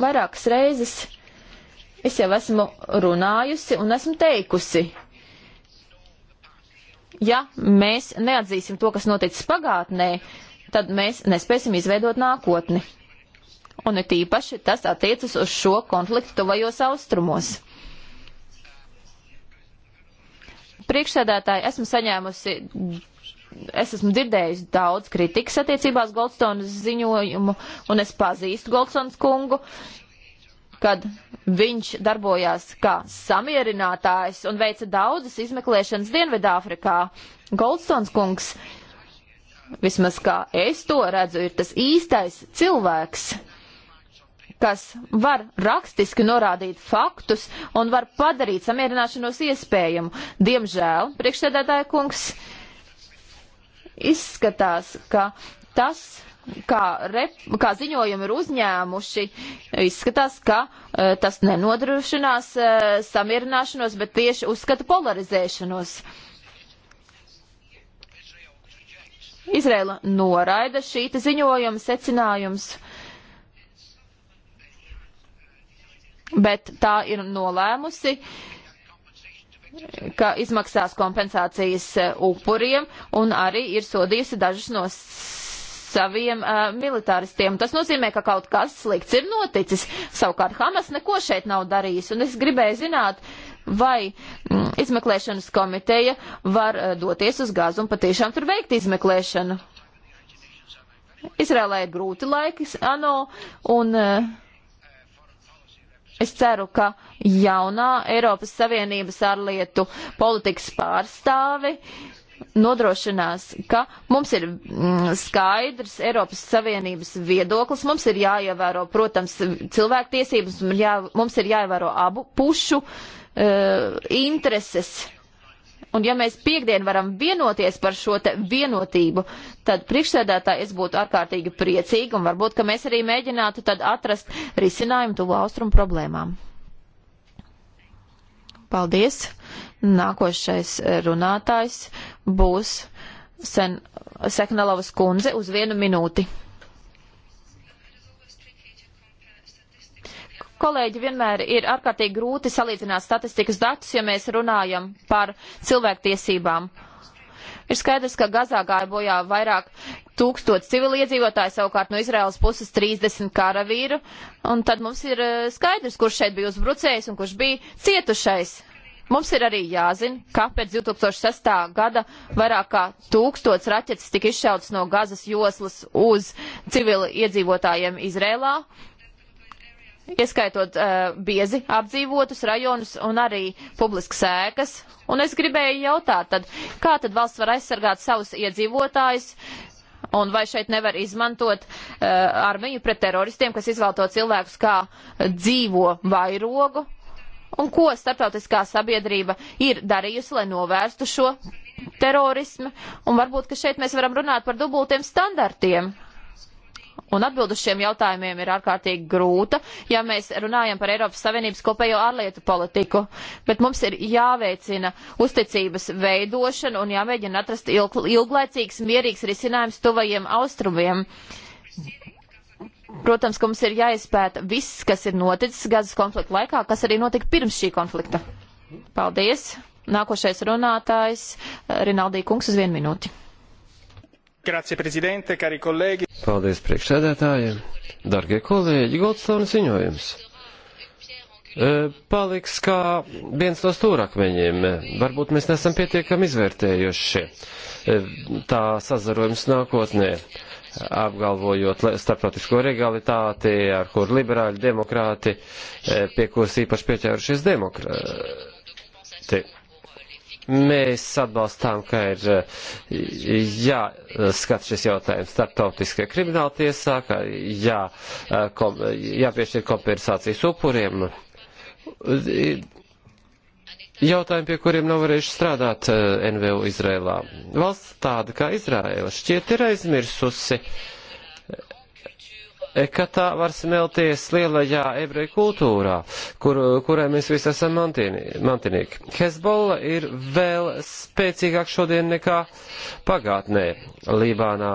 Vairākas reizes es jau esmu runājusi un esmu teikusi, ja mēs neatzīsim to, kas noticis pagātnē, tad mēs nespēsim izveidot nākotni. Un it īpaši tas attiecas uz šo konfliktu tuvajos austrumos. priekšsēdētāji, esmu saņēmusi, es esmu dzirdējusi daudz kritikas attiecībās Goldstonas ziņojumu, un es pazīstu Goldstonas kungu, kad viņš darbojās kā samierinātājs un veica daudzas izmeklēšanas Dienvedāfrikā. Goldstons kungs, vismaz kā es to redzu, ir tas īstais cilvēks, kas var rakstiski norādīt faktus un var padarīt samierināšanos iespējamu. Diemžēl, priekšsēdētāja kungs, izskatās, ka tas, kā, rep, kā ziņojumi ir uzņēmuši, izskatās, ka e, tas nenodrošinās e, samierināšanos, bet tieši uzskata polarizēšanos. Izrēla noraida šīta ziņojuma secinājums bet tā ir nolēmusi, ka izmaksās kompensācijas e, upuriem un arī ir sodījusi dažus no saviem uh, militāristiem. Tas nozīmē, ka kaut kas slikts ir noticis. Savukārt Hamas neko šeit nav darījis. Un es gribēju zināt, vai mm, izmeklēšanas komiteja var uh, doties uz gāzu un patiešām tur veikt izmeklēšanu. Izrēlē ir grūti laiki, ANO, un uh, Es ceru, ka jaunā Eiropas Savienības ārlietu politikas pārstāvi nodrošinās, ka mums ir mm, skaidrs Eiropas Savienības viedoklis, mums ir jāievēro, protams, cilvēktiesības, jā, mums ir jāievēro abu pušu uh, intereses Un ja mēs piekdien varam vienoties par šo te vienotību, tad priekšsēdētāji es būtu ārkārtīgi priecīgi un varbūt, ka mēs arī mēģinātu tad atrast risinājumu tuvu austrumu problēmām. Paldies! Nākošais runātājs būs Sen Seknalovas kundze uz vienu minūti. Kolēģi, vienmēr ir ārkārtīgi grūti salīdzināt statistikas datus, ja mēs runājam par cilvēktiesībām. Ir skaidrs, ka Gazā gāja bojā vairāk tūkstots civiliedzīvotāji, savukārt no Izraels puses 30 karavīru, un tad mums ir eh, skaidrs, kurš šeit bija uzbrucējs un kurš bija cietušais. Mums ir arī jāzina, kāpēc 2006. gada vairāk kā tūkstots raķetes tika izšauts no Gazas joslas uz civili iedzīvotājiem Izrēlā, ieskaitot uh, biezi apdzīvotus rajonus un arī publiskas ēkas. Un es gribēju jautāt, tad, kā tad valsts var aizsargāt savus iedzīvotājus, un vai šeit nevar izmantot uh, armiju pret teroristiem, kas izvēlto cilvēkus kā dzīvo vairogu, un ko starptautiskā sabiedrība ir darījusi, lai novērstu šo terorismu, un varbūt, ka šeit mēs varam runāt par dubultiem standartiem. Un atbild uz šiem jautājumiem ir ārkārtīgi grūta, ja mēs runājam par Eiropas Savienības kopējo ārlietu politiku. Bet mums ir jāveicina uzticības veidošana un jāmēģina atrast ilg ilglaicīgs, mierīgs risinājums tuvajiem austrumiem. Protams, ka mums ir jāizpēta viss, kas ir noticis Gazas konflikta laikā, kas arī notika pirms šī konflikta. Paldies! Nākošais runātājs Rinaldī Kungs uz vienu minūti. Grazie, prezidente, cari kolēģi. Paldies priekšsēdētājiem. Dargie kolēģi, Goldstone ziņojums. E, paliks kā viens no stūrakmeņiem. Varbūt mēs nesam pietiekami izvērtējuši e, tā sazarojums nākotnē apgalvojot starptautisko regalitāti, ar kur liberāļi demokrāti, e, pie kuras īpaši pieķērušies demokrāti. Mēs atbalstām, ka ir jāskat šis jautājums starptautiskajā krimināla tiesā, ka jā, kom, jāpiešķir kompensācijas upuriem. Jautājumi, pie kuriem nav varējuši strādāt eh, NVO Izrēlā. Valsts tāda kā Izrēla šķiet ir aizmirsusi. Uh, ka tā var smelties lielajā ebreju kultūrā, kur, kurai mēs visi esam mantinieki. Hezbolla ir vēl spēcīgāk šodien nekā pagātnē Lībānā.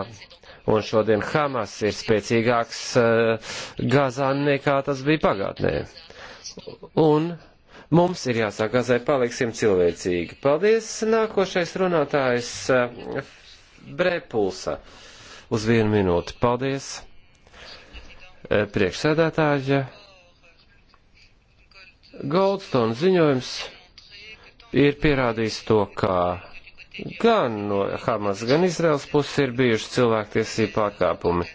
Un šodien Hamas ir spēcīgāks uh, Gazā nekā tas bija pagātnē. Un mums ir jāsāk Gazai paliksim cilvēcīgi. Paldies, nākošais runātājs uh, eh, Brepulsa. Eh, uz vienu minūti. Paldies. Eh, priekšsēdētāja. Goldstone ziņojums ir pierādījis to, ka gan no Hamas, gan Izraels puses ir bijuši cilvēktiesību pārkāpumi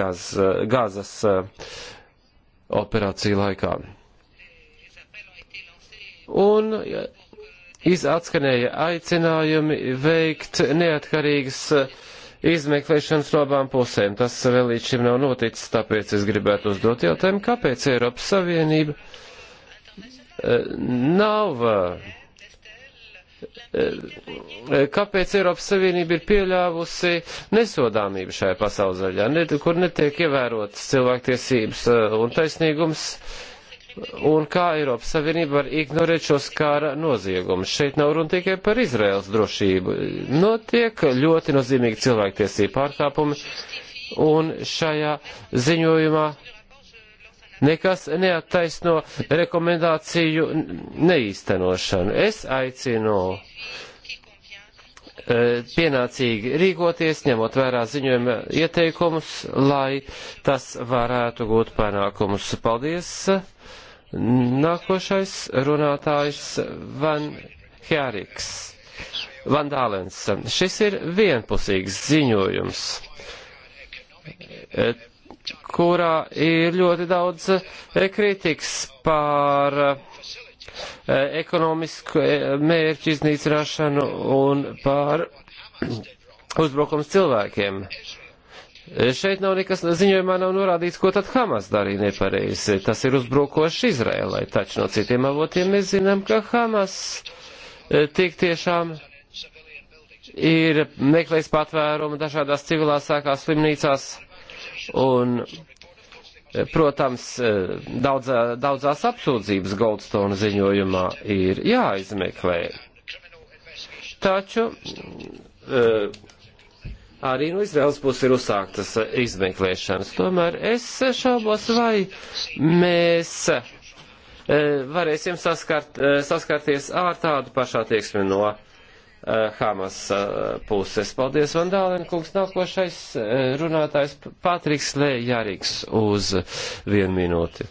gaz, eh, gazas eh, operāciju laikā. Un Izatskanēja aicinājumi veikt neatkarīgas uh, izmeklēšanas no abām pusēm. Tas vēl līdz šim nav noticis, tāpēc es gribētu uzdot jautājumu, kāpēc Eiropas Savienība eh, nav. Eh, eh, kāpēc Eiropas Savienība ir pieļāvusi nesodāmību šajā pasaules daļā, kur netiek ievērotas cilvēktiesības un taisnīgums? un kā Eiropas Savienība var ignorēt šos kara noziegumus. Šeit nav runa tikai par Izraels drošību. Notiek ļoti nozīmīgi cilvēktiesību pārkāpumi, un šajā ziņojumā nekas neattaisno rekomendāciju neīstenošanu. Es aicinu e, pienācīgi rīkoties, ņemot vērā ziņojuma ieteikumus, lai tas varētu gūt panākumus. Paldies! Nākošais runātājs Van Hjāriks. Van Dālens. Šis ir vienpusīgs ziņojums, eh, kurā ir ļoti daudz eh, kritikas pār eh, ekonomisku mērķu iznīcināšanu un pār uzbrukums cilvēkiem. Uh, Šeit nav nekas, ziņojumā nav norādīts, ko tad Hamas darīja nepareizi. Tas ir uzbrukoši Izrēlai, taču no citiem avotiem mēs zinām, ka Hamas e, tik tiešām ir meklējis patvērumu dažādās civilās sākās slimnīcās un, e, protams, e, daudz, daudzās apsūdzības Goldstone ziņojumā ir jāizmeklē. Taču arī no Izraels puses ir uzsāktas izmeklēšanas. Tomēr es šaubos, vai mēs eh, varēsim saskart, eh, saskarties ar tādu pašu attieksmi no eh, Hamas puses. Paldies, Vandālēn, kungs. Nākošais runātājs Patriks Lējārīgs uz vienu minūti.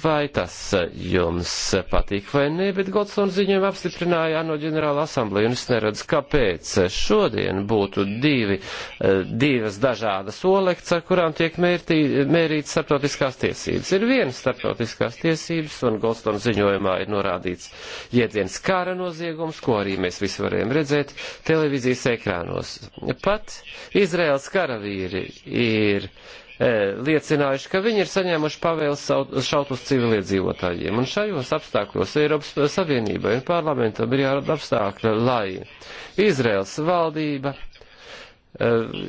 Vai tas jums patīk vai nē, bet Godsons viņiem apstiprināja ANO ģenerāla asambleja, un es neredzu, kāpēc šodien būtu divi, eh, divas dažādas olekts, ar kurām tiek mērtī, mērīts starptautiskās tiesības. Ir viena starptautiskās tiesības, un Godsons ziņojumā ir norādīts jēdziens kara noziegums, ko arī mēs visi varējām redzēt televīzijas ekrānos. Pat Izraels karavīri ir E, liecinājuši, ka viņi ir saņēmuši pavēles šaut uz civiliedzīvotājiem. Un šajos apstākļos Eiropas Savienībai un parlamentam ir jārada apstākļi, lai Izraels valdība e,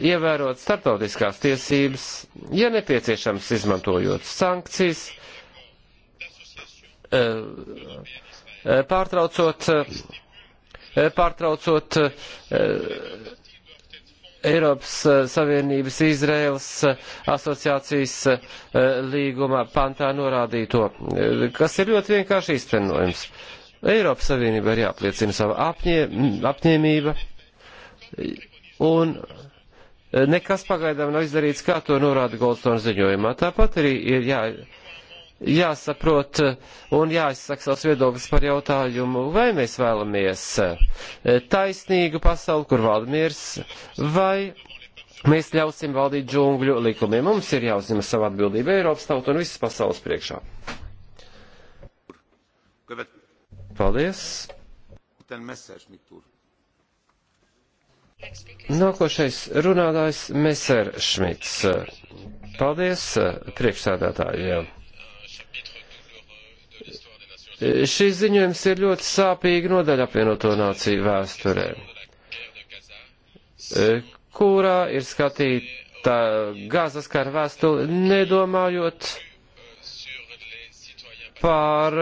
ievērot startautiskās tiesības, ja nepieciešams izmantojot sankcijas, e, pārtraucot, pārtraucot Eiropas eh, Savienības Izraels eh, asociācijas eh, līgumā pantā norādīto, kas ir ļoti vienkārši iztenojums. Eiropas Savienība ir jāpliecina sava apņē, apņēmība, un nekas pagaidām nav izdarīts, kā to norāda Goldstone ziņojumā. Tāpat arī ir jā jāsaprot un jāizsaka savs viedoklis par jautājumu, vai mēs vēlamies e, taisnīgu pasauli, kur valda miers, vai mēs ļausim valdīt džungļu likumiem. Mums ir jāuzņem savu atbildību Eiropas tautu un visas pasaules priekšā. Paldies. Nākošais runātājs Meser Šmits. Paldies priekšsēdētājiem. Šis ziņojums ir ļoti sāpīgi nodaļa apvienoto nāciju vēsturē, kurā ir skatīta gāzes kara vēstule, nedomājot par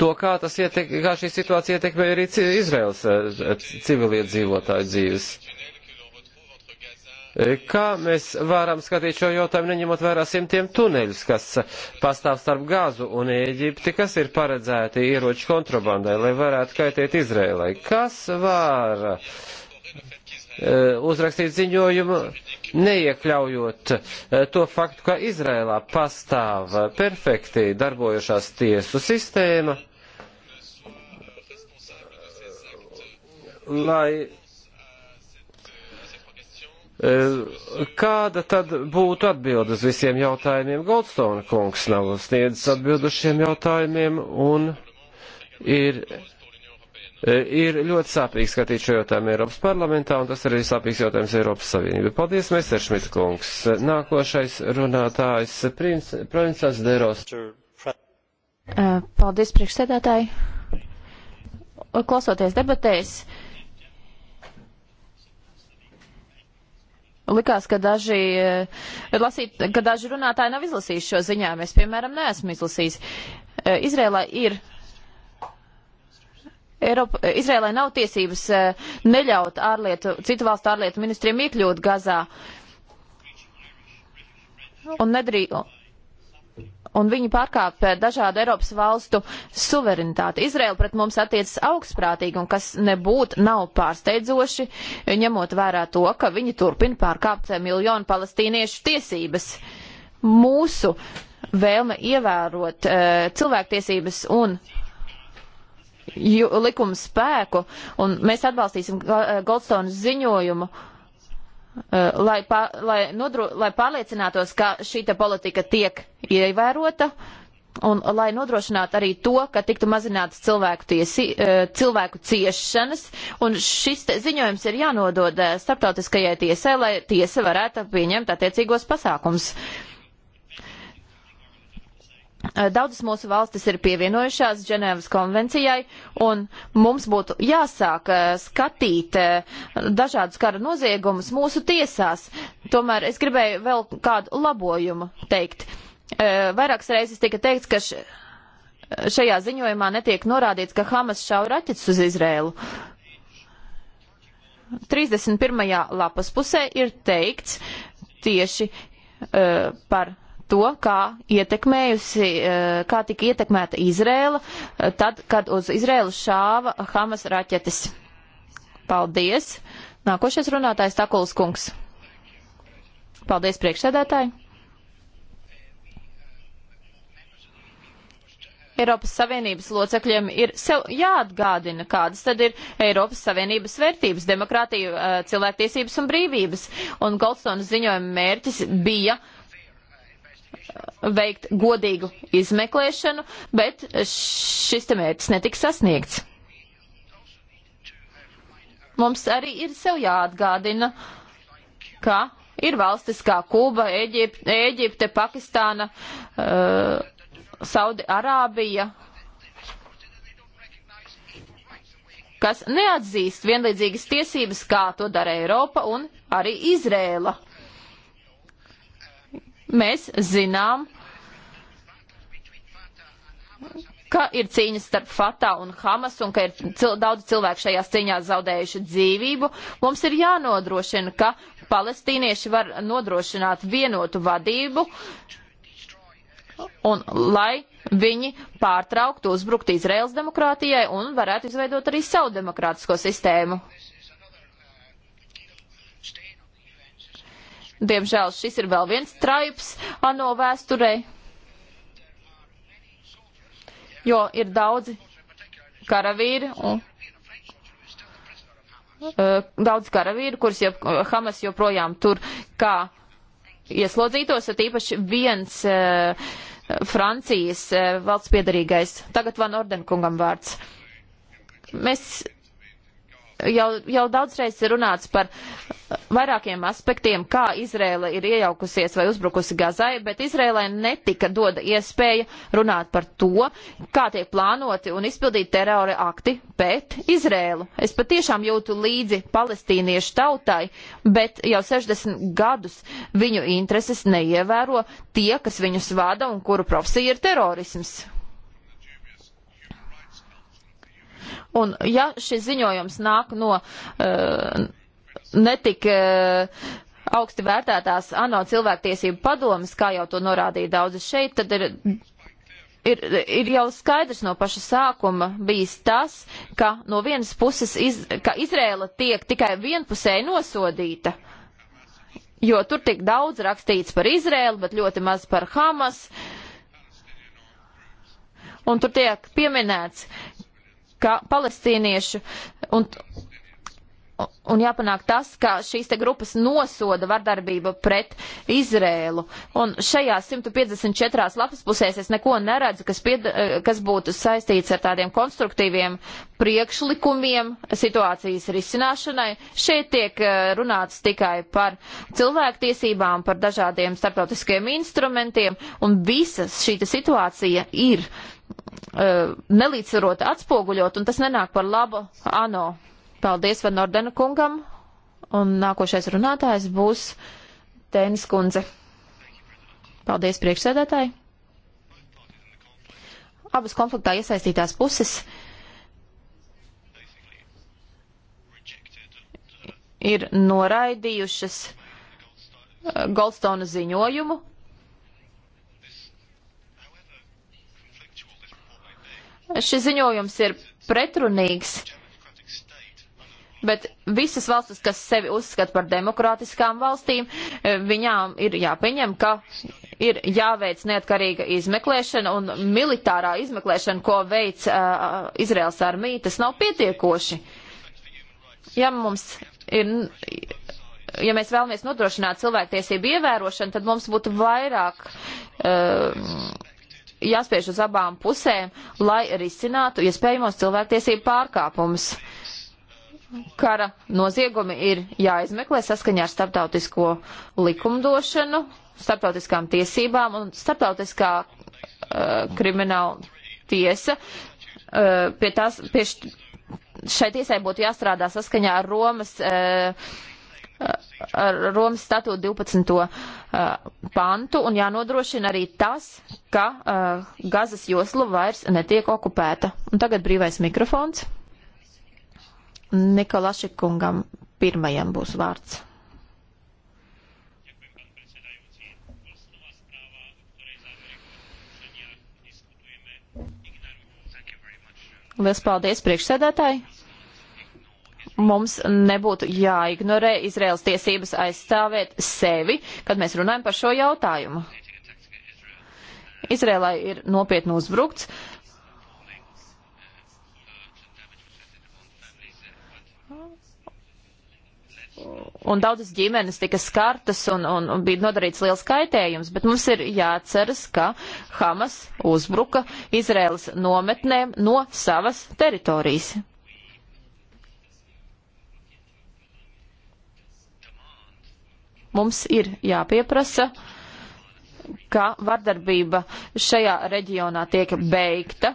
to, kā, tas ietek, kā šī situācija ietekmē arī Izraels eh, civiliedzīvotāju dzīves. Kā mēs varam skatīt šo jautājumu, neņemot vērā simtiem tuneļus, kas pastāv starp Gāzu un Ēģipti, kas ir paredzēti ieroču kontrabandai, lai varētu kaitēt Izrēlai? Kas var e, uzrakstīt ziņojumu, neiekļaujot e, to faktu, ka Izrēlā pastāv perfekti darbojošās tiesu sistēma, lai Eh, kāda tad būtu atbilde uz visiem jautājumiem? Goldstone kungs nav sniedzis atbildu šiem jautājumiem un ir, eh, ir ļoti sāpīgi skatīt šo jautājumu Eiropas parlamentā, un tas arī sāpīgs jautājums Eiropas Savienībai. Paldies, Mesteršmit kungs. Nākošais runātājs princ, princas Deros. Eh, paldies, priekšsēdētāji. Klausoties debatēs Likās, ka daži, eh, lasīt, ka daži runātāji nav izlasījuši šo ziņojumu. Es, piemēram, neesmu izlasījis. Eh, Izrēlā ir. Eiropa, eh, Izrēlai nav tiesības neļaut ārlietu, citu valstu ārlietu ministriem iekļūt Gazā. Un nedrīkst un viņi pārkāp eh, dažādu Eiropas valstu suverenitāti. Izraela pret mums attiecas augstprātīgi, un kas nebūtu nav pārsteidzoši, ņemot vērā to, ka viņi turpina pārkāpt eh, miljonu palestīniešu tiesības. Mūsu vēlme ievērot e, cilvēktiesības un likumu spēku, un mēs atbalstīsim Goldstonas ziņojumu, e, lai, pa, lai, nodru, lai pārliecinātos, ka šīta politika tiek ievērota. Un, lai nodrošinātu arī to, ka tiktu mazinātas cilvēku, tiesi, e, cilvēku ciešanas, un šis ziņojums ir jānodod e, starptautiskajai tiesai, lai tiesa varētu pieņemt attiecīgos pasākums. E, daudzas mūsu valstis ir pievienojušās Ženēvas konvencijai, un mums būtu jāsāk skatīt dažādus kara noziegumus mūsu tiesās. Tomēr es gribēju vēl kādu labojumu teikt. Uh, Vairākas reizes tika teikts, ka šajā ziņojumā netiek norādīts, ka Hamas šauja raķetes uz Izrēlu. 31. lapas pusē ir teikts tieši uh, par to, kā ietekmējusi, uh, kā tika ietekmēta Izrēla, uh, tad, kad uz Izrēlu šāva Hamas raķetes. Paldies! Nākošais runātājs Takuls kungs. Paldies priekšsēdētāji! Eiropas Savienības locekļiem ir sev jāatgādina, kādas tad ir Eiropas Savienības vērtības - demokrātija, eh, cilvēktiesības un brīvības. Un Goldstonas ziņojuma mērķis bija eh, veikt godīgu izmeklēšanu, bet šis te mērķis netika sasniegts. Mums arī ir sev jāatgādina, ka ir valstis kā Kuba, Ēģipte, Pakistāna, uh, Saudi Arābija, kas neatzīst vienlīdzīgas tiesības, kā to dara Eiropa un arī Izrēla. Mēs zinām, ka ir cīņas starp Fatā un Hamas un ka ir cil daudz cilvēku šajās cīņās zaudējuši dzīvību. Mums ir jānodrošina, ka palestīnieši var nodrošināt vienotu vadību, uh, un lai viņi pārtrauktu uzbrukt Izraels demokrātijai un varētu izveidot arī savu demokrātisko sistēmu. Diemžēl šis ir vēl viens traips ANO vēsturē, jo ir daudzi karavīri un eh, daudz karavīru, kurus jau, Hamas joprojām tur kā ieslodzītos, ja tīpaši viens uh, Francijas uh, valsts piedarīgais. Tagad Van Ordenkungam vārds. Mēs jau, jau daudzreiz ir runāts par vairākiem aspektiem, kā Izrēla ir iejaukusies vai uzbrukusi Gazai, bet Izrēlai netika doda iespēja runāt par to, kā tiek plānoti un izpildīti terori akti pret Izrēlu. Es patiešām jūtu līdzi palestīniešu tautai, bet jau 60 gadus viņu intereses neievēro tie, kas viņus vada un kuru profesija ir terorisms. Un ja šis ziņojums nāk no uh, netik. Uh, augsti vērtētās ANO cilvēktiesību padomas, kā jau to norādīja daudzi šeit, tad ir ir, ir jau skaidrs no paša sākuma bijis tas, ka no vienas puses iz, ka Izrēla tiek tikai vienpusēji nosodīta. Jo tur tik daudz rakstīts par Izrēlu, bet ļoti maz par Hamas. Un tur tiek pieminēts, ka palestīniešu un, un jāpanāk tas, ka šīs te grupas nosoda vardarbība pret Izrēlu. Un šajā 154 lapas pusēs es neko neredzu, kas, pied, kas būtu saistīts ar tādiem konstruktīviem priekšlikumiem situācijas risināšanai. Šeit tiek eh, runāts tikai par cilvēktiesībām, par dažādiem starptautiskiem instrumentiem, un visas šī situācija ir Uh, nelīdzsvarot atspoguļot, un tas nenāk par labu ANO. Paldies Van Ordena kungam, un nākošais runātājs būs Tēnis kundze. Paldies priekšsēdētāji. Abas konfliktā iesaistītās puses ir noraidījušas uh, Goldstone ziņojumu, Šis ziņojums ir pretrunīgs, bet visas valstis, kas sevi uzskata par demokrātiskām valstīm, e, viņām ir jāpieņem, ka ir jāveic neatkarīga izmeklēšana un militārā izmeklēšana, ko veic uh, Izraels armija, tas nav pietiekoši. Ja mums ir. Ja mēs vēlamies nodrošināt cilvēktiesību ievērošanu, tad mums būtu vairāk uh, jāspiež uz abām pusēm, lai risinātu iespējamos cilvēktiesību pārkāpumus. Kara noziegumi ir jāizmeklē saskaņā ar starptautisko likumdošanu, starptautiskām tiesībām un starptautiskā uh, krimināla tiesa. Uh, pie tās, pie šai tiesai būtu jāstrādā saskaņā ar Romas. Uh, ar Romas statūtu 12. pantu un jānodrošina arī tas, ka Gazas josla vairs netiek okupēta. Un tagad brīvais mikrofons. Nikolašikungam pirmajam būs vārds. Liels paldies priekšsēdētāji! mums nebūtu jāignorē Izraels tiesības aizstāvēt sevi, kad mēs runājam par šo jautājumu. Izrēlai ir nopietni uzbrukts. Un daudzas ģimenes tika skartas un, un, un bija nodarīts liels kaitējums, bet mums ir jāatceras, ka Hamas uzbruka Izraēlas nometnēm no savas teritorijas. Mums ir jāpieprasa, ka vardarbība šajā reģionā tiek beigta,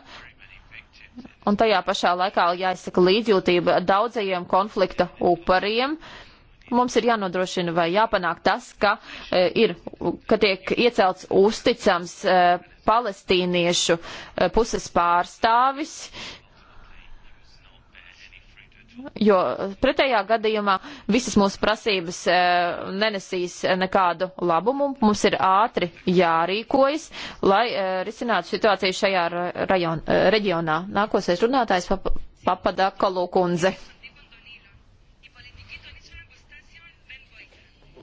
un tajā pašā laikā jāizsaka līdzjūtība daudzajiem konflikta upariem. Mums ir jānodrošina vai jāpanāk tas, ka, e, ir, ka tiek iecelts uzticams e, palestīniešu e, puses pārstāvis, e, jo pretējā gadījumā visas mūsu prasības e, nenesīs nekādu labumu. Mums ir ātri jārīkojas, lai e, risinātu situāciju šajā rajon, e, reģionā. Nākošais runātājs pap, Papadaka Lūkundze.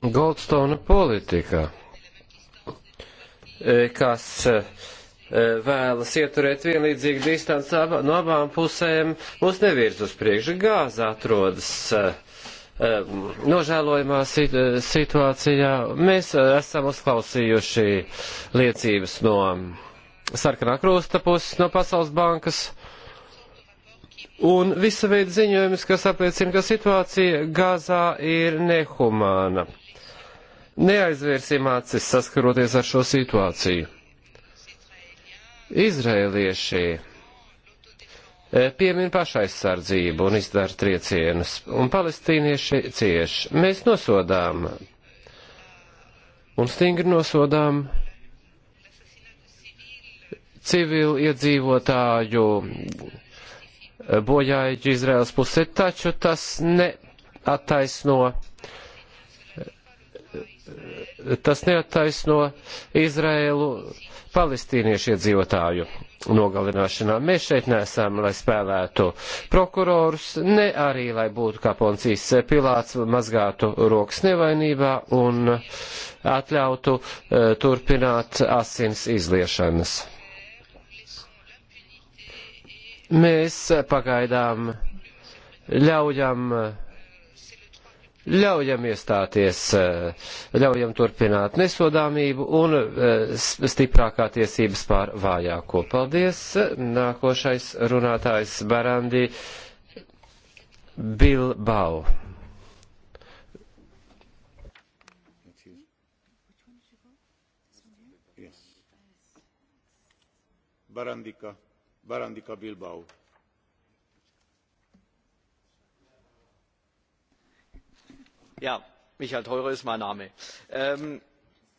Goldstone politika, e, kas e, E, vēlas ieturēt vienlīdzīgu distanci ab no abām pusēm, mūs nevirz uz priekšu. Gāza atrodas e, e, nožēlojumā situācijā. Mēs esam uzklausījuši liecības no Sarkanā krusta puses, no Pasaules bankas. Un visa veida ziņojums, kas apliecina, ka situācija Gāzā ir nehumāna. Neaizvērsim acis saskaroties ar šo situāciju. Izrēlieši e, piemin pašaizsardzību un izdara triecienus, un palestīnieši cieš. Mēs nosodām un stingri nosodām civilu iedzīvotāju bojājuģi Izraels pusē, taču tas neattaisno tas neattaisno Izraēlu palestīniešu iedzīvotāju nogalināšanā. Mēs šeit nesam, lai spēlētu prokurorus, ne arī, lai būtu kā poncijas pilāts, mazgātu rokas nevainībā un atļautu uh, turpināt asins izliešanas. Mēs pagaidām ļaujam uh, ļaujam iestāties, eh, ļaujam turpināt nesodāmību un eh, stiprākā tiesības pār vājāko. Paldies! Nākošais runātājs Barandi Bilbao. Barandika, Barandika Bilbao. Ja, Michael Theurer ist mein Name. Ähm,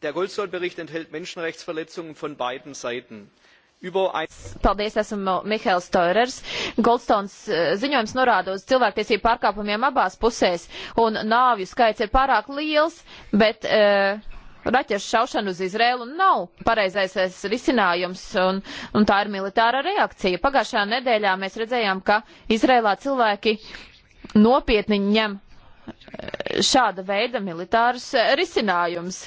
der Goldstone-Bericht enthält Menschenrechtsverletzungen von beiden Seiten. Paldies, esmu Mihēls Toirers. Goldstones äh, ziņojums norāda uz cilvēktiesību pārkāpumiem abās pusēs, un nāvju skaits ir pārāk liels, bet uh, raķešu šaušana uz Izrēlu nav pareizais risinājums, un, un tā ir militāra reakcija. Pagājušā nedēļā mēs redzējām, ka Izrēlā cilvēki nopietni ņem šāda veida militārs risinājums.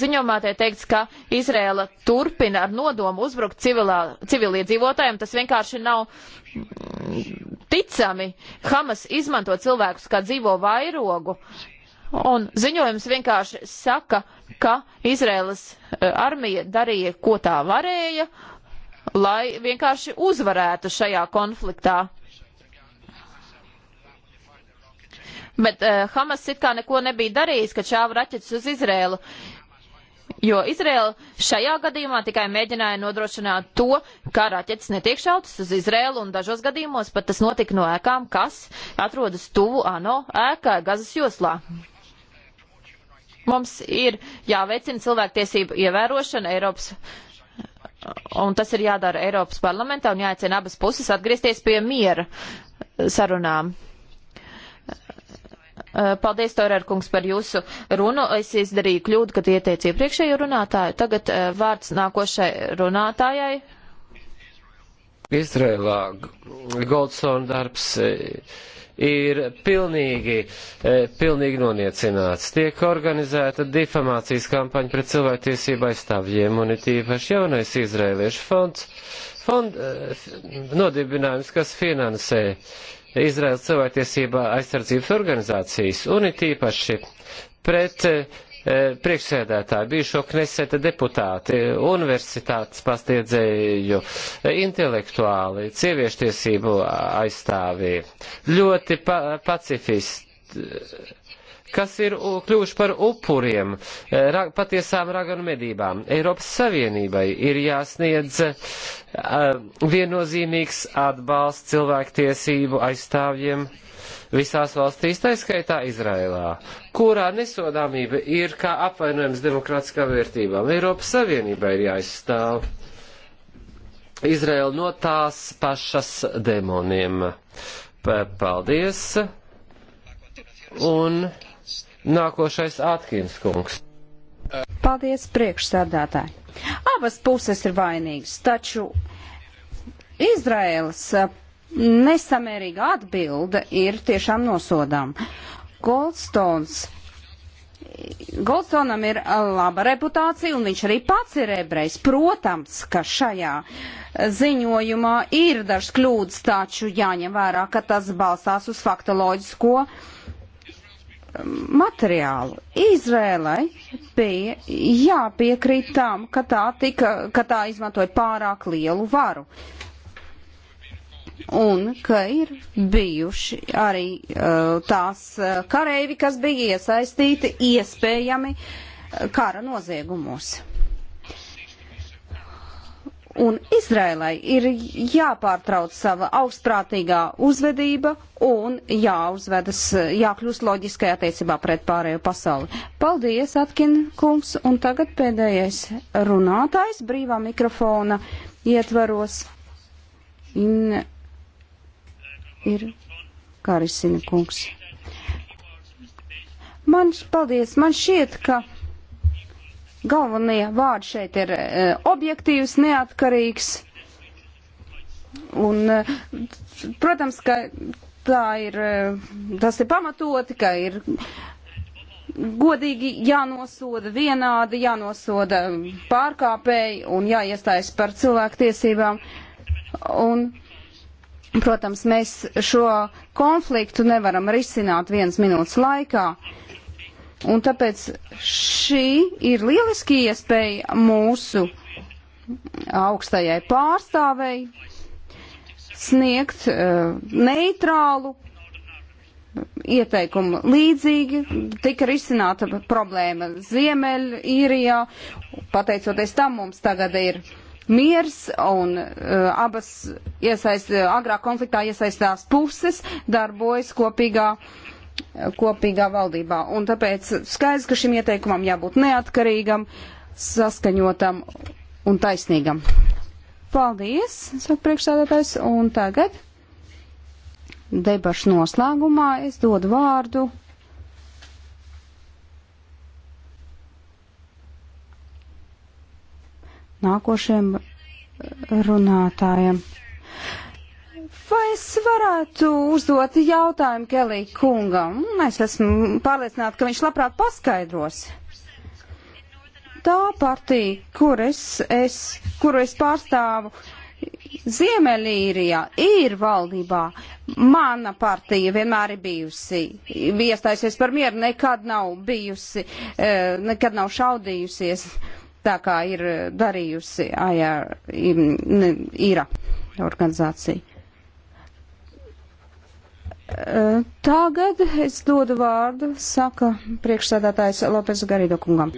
Ziņojumā tiek teikts, ka Izrēla turpina ar nodomu uzbrukt civilā, civiliedzīvotājiem. Tas vienkārši nav ticami. Hamas izmanto cilvēkus kā dzīvo vairogu. Un ziņojums vienkārši saka, ka Izraēlas e, armija darīja, ko tā varēja, lai vienkārši uzvarētu šajā konfliktā. Bet uh, Hamas it kā neko nebija darījis, kad šāva raķetes uz Izrēlu. Jo Izraela šajā gadījumā tikai mēģināja nodrošināt to, ka raķetes netiek šautas uz Izraelu, un dažos gadījumos pat tas notika no ēkām, kas atrodas tuvu ANO ēkā Gazas joslā. Mums ir jāveicina cilvēktiesību ievērošana Eiropas, un tas ir jādara Eiropas parlamentā, un jāicina abas puses atgriezties pie miera sarunām. Eh, paldies, Torerkungs, par jūsu runu. Es izdarīju kļūdu, kad ieteicu iepriekšējo runātāju. Tagad eh, vārds nākošai runātājai. Izrēlā Goldsona darbs eh, ir pilnīgi, pilnīgi noniecināts. Tiek organizēta difamācijas kampaņa pret cilvēktiesību aizstāvjiem un ir tīpaši jaunais Izrēliešu fonds, fond, nodibinājums, kas finansē Izraels cilvēktiesībā aizsardzības organizācijas un it īpaši pret eh, priekšsēdētāju, bijušo kneseta deputāti, eh, universitātes pastiedzēju, eh, intelektuāli, cieviešķiesību aizstāvī, ļoti pa pacifisti kas ir kļuvuši par upuriem eh, ra, patiesām raganu medībām. Eiropas Savienībai ir jāsniedz uh, viennozīmīgs atbalsts cilvēktiesību aizstāvjiem visās valstīs, taiskaitā Izrēlā, kurā nesodāmība ir kā apvainojums demokrātiskām vērtībām. Eiropas Savienībai ir jāizstāv Izrēla no tās pašas demoniem. Paldies! Un Nākošais Atkins kungs. Paldies, priekšsādātāji. Abas puses ir vainīgas, taču Izraēlas nesamērīga atbilde ir tiešām nosodām. Goldstones Goldstonam ir laba reputācija, un viņš arī pats ir ebrejs. Protams, ka šajā ziņojumā ir dažs kļūdas, taču jāņem vērā, ka tas balstās uz faktoloģisko uh, materiālu. Izrēlai bija jāpiekrīt tam, ka tā, tika, ka tā izmantoja pārāk lielu varu. Un ka ir bijuši arī uh, tās uh, kareivi, kas bija iesaistīti iespējami kara noziegumos. Un Izrēlai ir jāpārtrauc sava augstprātīgā uzvedība un jāuzvedas, jākļūst loģiskai attiecībā pret pārējo pasauli. Paldies, Atkin kungs, un tagad pēdējais runātājs brīvā mikrofona ietvaros in, ir Karisina kungs. Man, paldies, man šķiet, ka Galvenie vārdi šeit ir e, objektīvs, neatkarīgs. Un, e, protams, ka tā ir, e, tas ir pamatoti, ka ir godīgi jānosoda vienādi, jānosoda pārkāpēji un jāiestājas par cilvēku tiesībām. Un, protams, mēs šo konfliktu nevaram risināt viens minūtes laikā. Uh, Un tāpēc šī ir lieliski iespēja mūsu augstajai pārstāvei sniegt uh, neitrālu ieteikumu. Līdzīgi tika risināta problēma Ziemeļīrijā. Pateicoties tam, mums tagad ir miers un uh, abas iesaist, agrā konfliktā iesaistās puses darbojas kopīgā uh, kopīgā valdībā. Un tāpēc skaidrs, ka šim ieteikumam jābūt neatkarīgam, saskaņotam un taisnīgam. Paldies, saka priekšstādātājs, un tagad debašu noslēgumā es dodu vārdu. Nākošajam runātājam. Vai es varētu uzdot jautājumu Kelī kungam? Es esmu pārliecināta, ka viņš labprāt paskaidros. Tā partija, kur es, es, kuru es pārstāvu Ziemeļīrijā, ir valdībā. Mana partija vienmēr ir bijusi iestājusies par mieru, nekad nav bijusi, eh, nekad nav šaudījusies tā kā ir eh, darījusi AJA īra organizācija. Eh, tagad es dodu vārdu, saka priekšsēdētājs Lopes Garido kungam.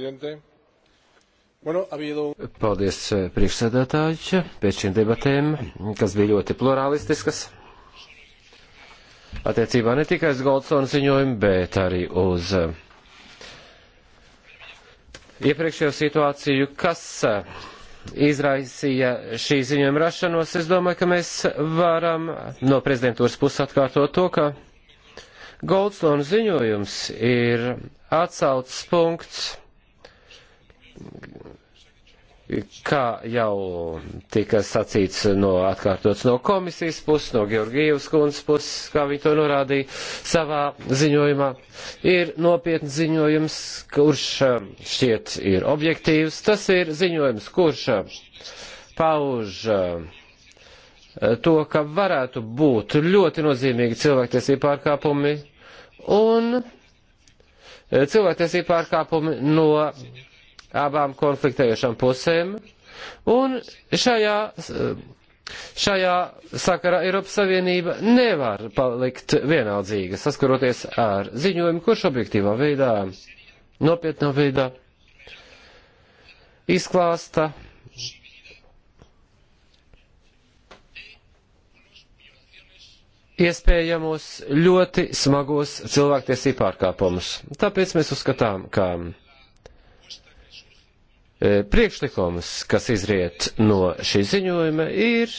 Paldies eh, priekšsēdētāji eh, pēc šīm debatēm, kas bija ļoti plurālistiskas. Attiecībā ne tikai uz Goldsona ziņojumu, bet arī uz iepriekšējo situāciju, kas izraisīja šī ziņojuma rašanos, es domāju, ka mēs varam no prezidentūras puses atkārtot to, ka Goldstone ziņojums ir atsaucas punkts kā jau tika sacīts no atkārtots no komisijas puses, no Georgijevas kundzes puses, kā viņi to norādīja savā ziņojumā, ir nopietns ziņojums, kurš um, šķiet ir objektīvs. Tas ir ziņojums, kurš um, pauž um, to, ka varētu būt ļoti nozīmīgi cilvēktiesību pārkāpumi un eh, cilvēktiesību pārkāpumi no abām konfliktējošām pusēm, un šajā Šajā sakarā Eiropas Savienība nevar palikt vienaldzīga, saskaroties ar ziņojumu, kurš objektīvā veidā, nopietnā veidā izklāsta iespējamos ļoti smagos cilvēktiesību pārkāpumus. Tāpēc mēs uzskatām, ka E, priekšlikums, kas izriet no šī ziņojuma, ir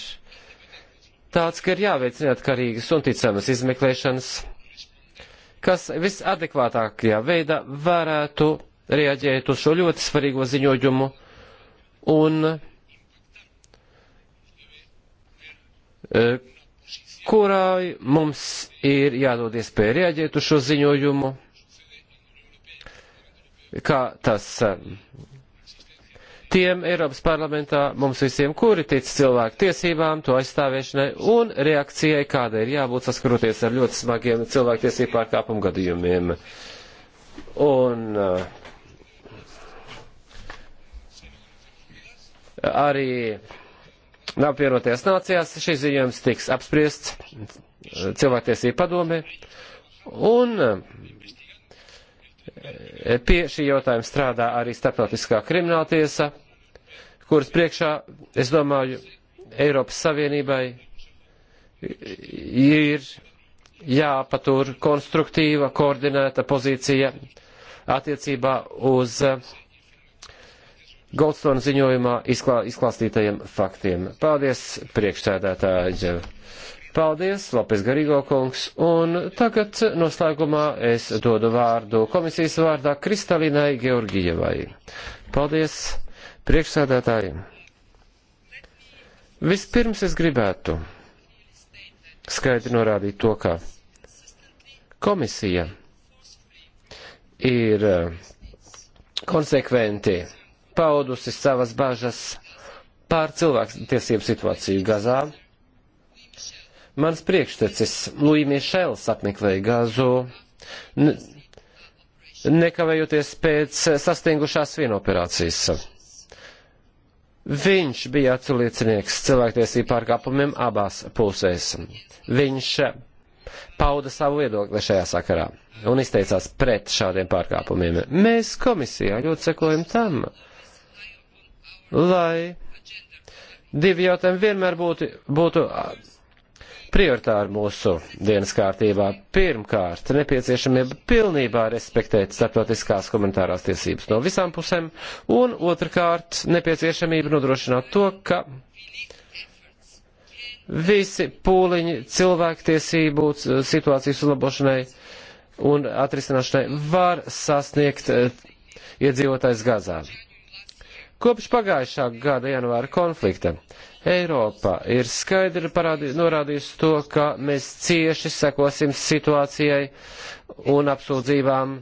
tāds, ka ir jāveic neatkarīgas un ticamas izmeklēšanas, kas visadekvātākajā veidā varētu reaģēt uz šo ļoti svarīgo ziņojumu un e, kurai mums ir jādod iespēja reaģēt uz šo ziņojumu, kā tas e, tiem Eiropas parlamentā, mums visiem, kuri tic cilvēku tiesībām, to aizstāvēšanai un reakcijai, kāda ir jābūt saskaroties ar ļoti smagiem cilvēku tiesību pārkāpumu gadījumiem. Un eh, arī apvienoties nācijās šis ziņojums tiks apspriests eh, cilvēktiesību padomē. Un eh, E, pie šī jautājuma strādā arī Startautiskā krimināltiesa, kuras priekšā, es domāju, Eiropas Savienībai ir jāpatur konstruktīva, koordinēta pozīcija attiecībā uz e, Goldstone ziņojumā izklā, izklāstītajiem faktiem. Paldies, priekšsēdētāji! Paldies, Lopes Garīgo kungs, un tagad noslēgumā es dodu vārdu komisijas vārdā Kristalinai Georgijevai. Paldies, priekšsādātājiem. Vispirms es gribētu skaidri norādīt to, ka komisija ir eh, konsekventi paudusi savas bažas pār cilvēktiesību situāciju Gazā Mans priekštecis Luī Mišels apmeklēja Gāzu, nekavējoties pēc sastingušās vienoperācijas. Viņš bija atsliecinieks cilvēktiesību pārkāpumiem abās pusēs. Viņš pauda savu viedokli šajā sakarā un izteicās pret šādiem pārkāpumiem. Mēs komisijā ļoti sekojam tam, lai divi jautājumi vienmēr būtu, būtu prioritāri mūsu dienas kārtībā. Pirmkārt, nepieciešamība pilnībā respektēt starptautiskās komentārās tiesības no visām pusēm, un otrkārt, nepieciešamība nodrošināt to, ka visi pūliņi cilvēktiesību situācijas uzlabošanai un atrisināšanai var sasniegt eh, iedzīvotājs Gazā. Kopš pagājušā gada janvāra konflikta Eiropa ir skaidri parādī, norādījusi to, ka mēs cieši sekosim situācijai un apsūdzībām,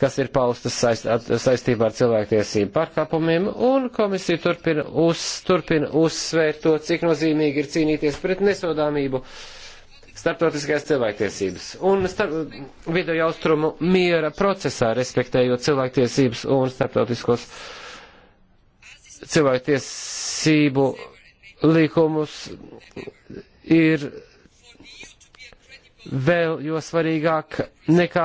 kas ir paustas saist, at, saistībā ar cilvēktiesību pārkāpumiem, un komisija turpina, uz, turpina uzsvērt to, cik nozīmīgi ir cīnīties pret nesodāmību starptautiskās cilvēktiesības un starp, vidēju austrumu miera procesā, respektējot cilvēktiesības un starptautiskos cilvēktiesību likumus ir vēl jo svarīgāk nekā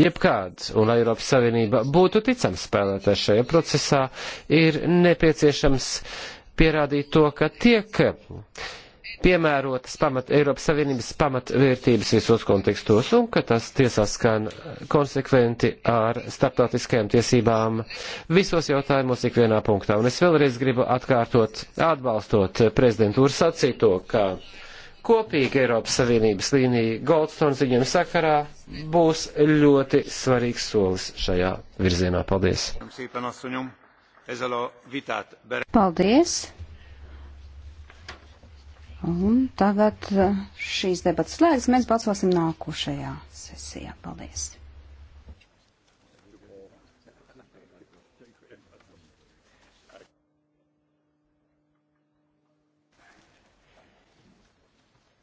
jebkāds, un lai Eiropas Savienība būtu ticams spēlētāj šajā procesā, ir nepieciešams pierādīt to, ka tiek piemērotas pamat, Eiropas Savienības pamatvērtības visos kontekstos un ka tas tiesās skan konsekventi ar starptautiskajām tiesībām visos jautājumos ikvienā punktā. Un es vēlreiz gribu atkārtot, atbalstot prezidentūru sacīto, ka kopīga Eiropas Savienības līnija Goldstone ziņojuma sakarā būs ļoti svarīgs solis šajā virzienā. Paldies! Paldies! Un tagad eh, šīs debatas slēgs, mēs balsosim nākošajā sesijā. Paldies!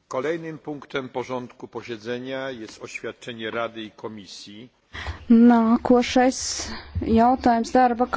Kolejnym punktem porządku posiedzenia jest oświadczenie Rady i Komisji. Nākošais jautājums darba kā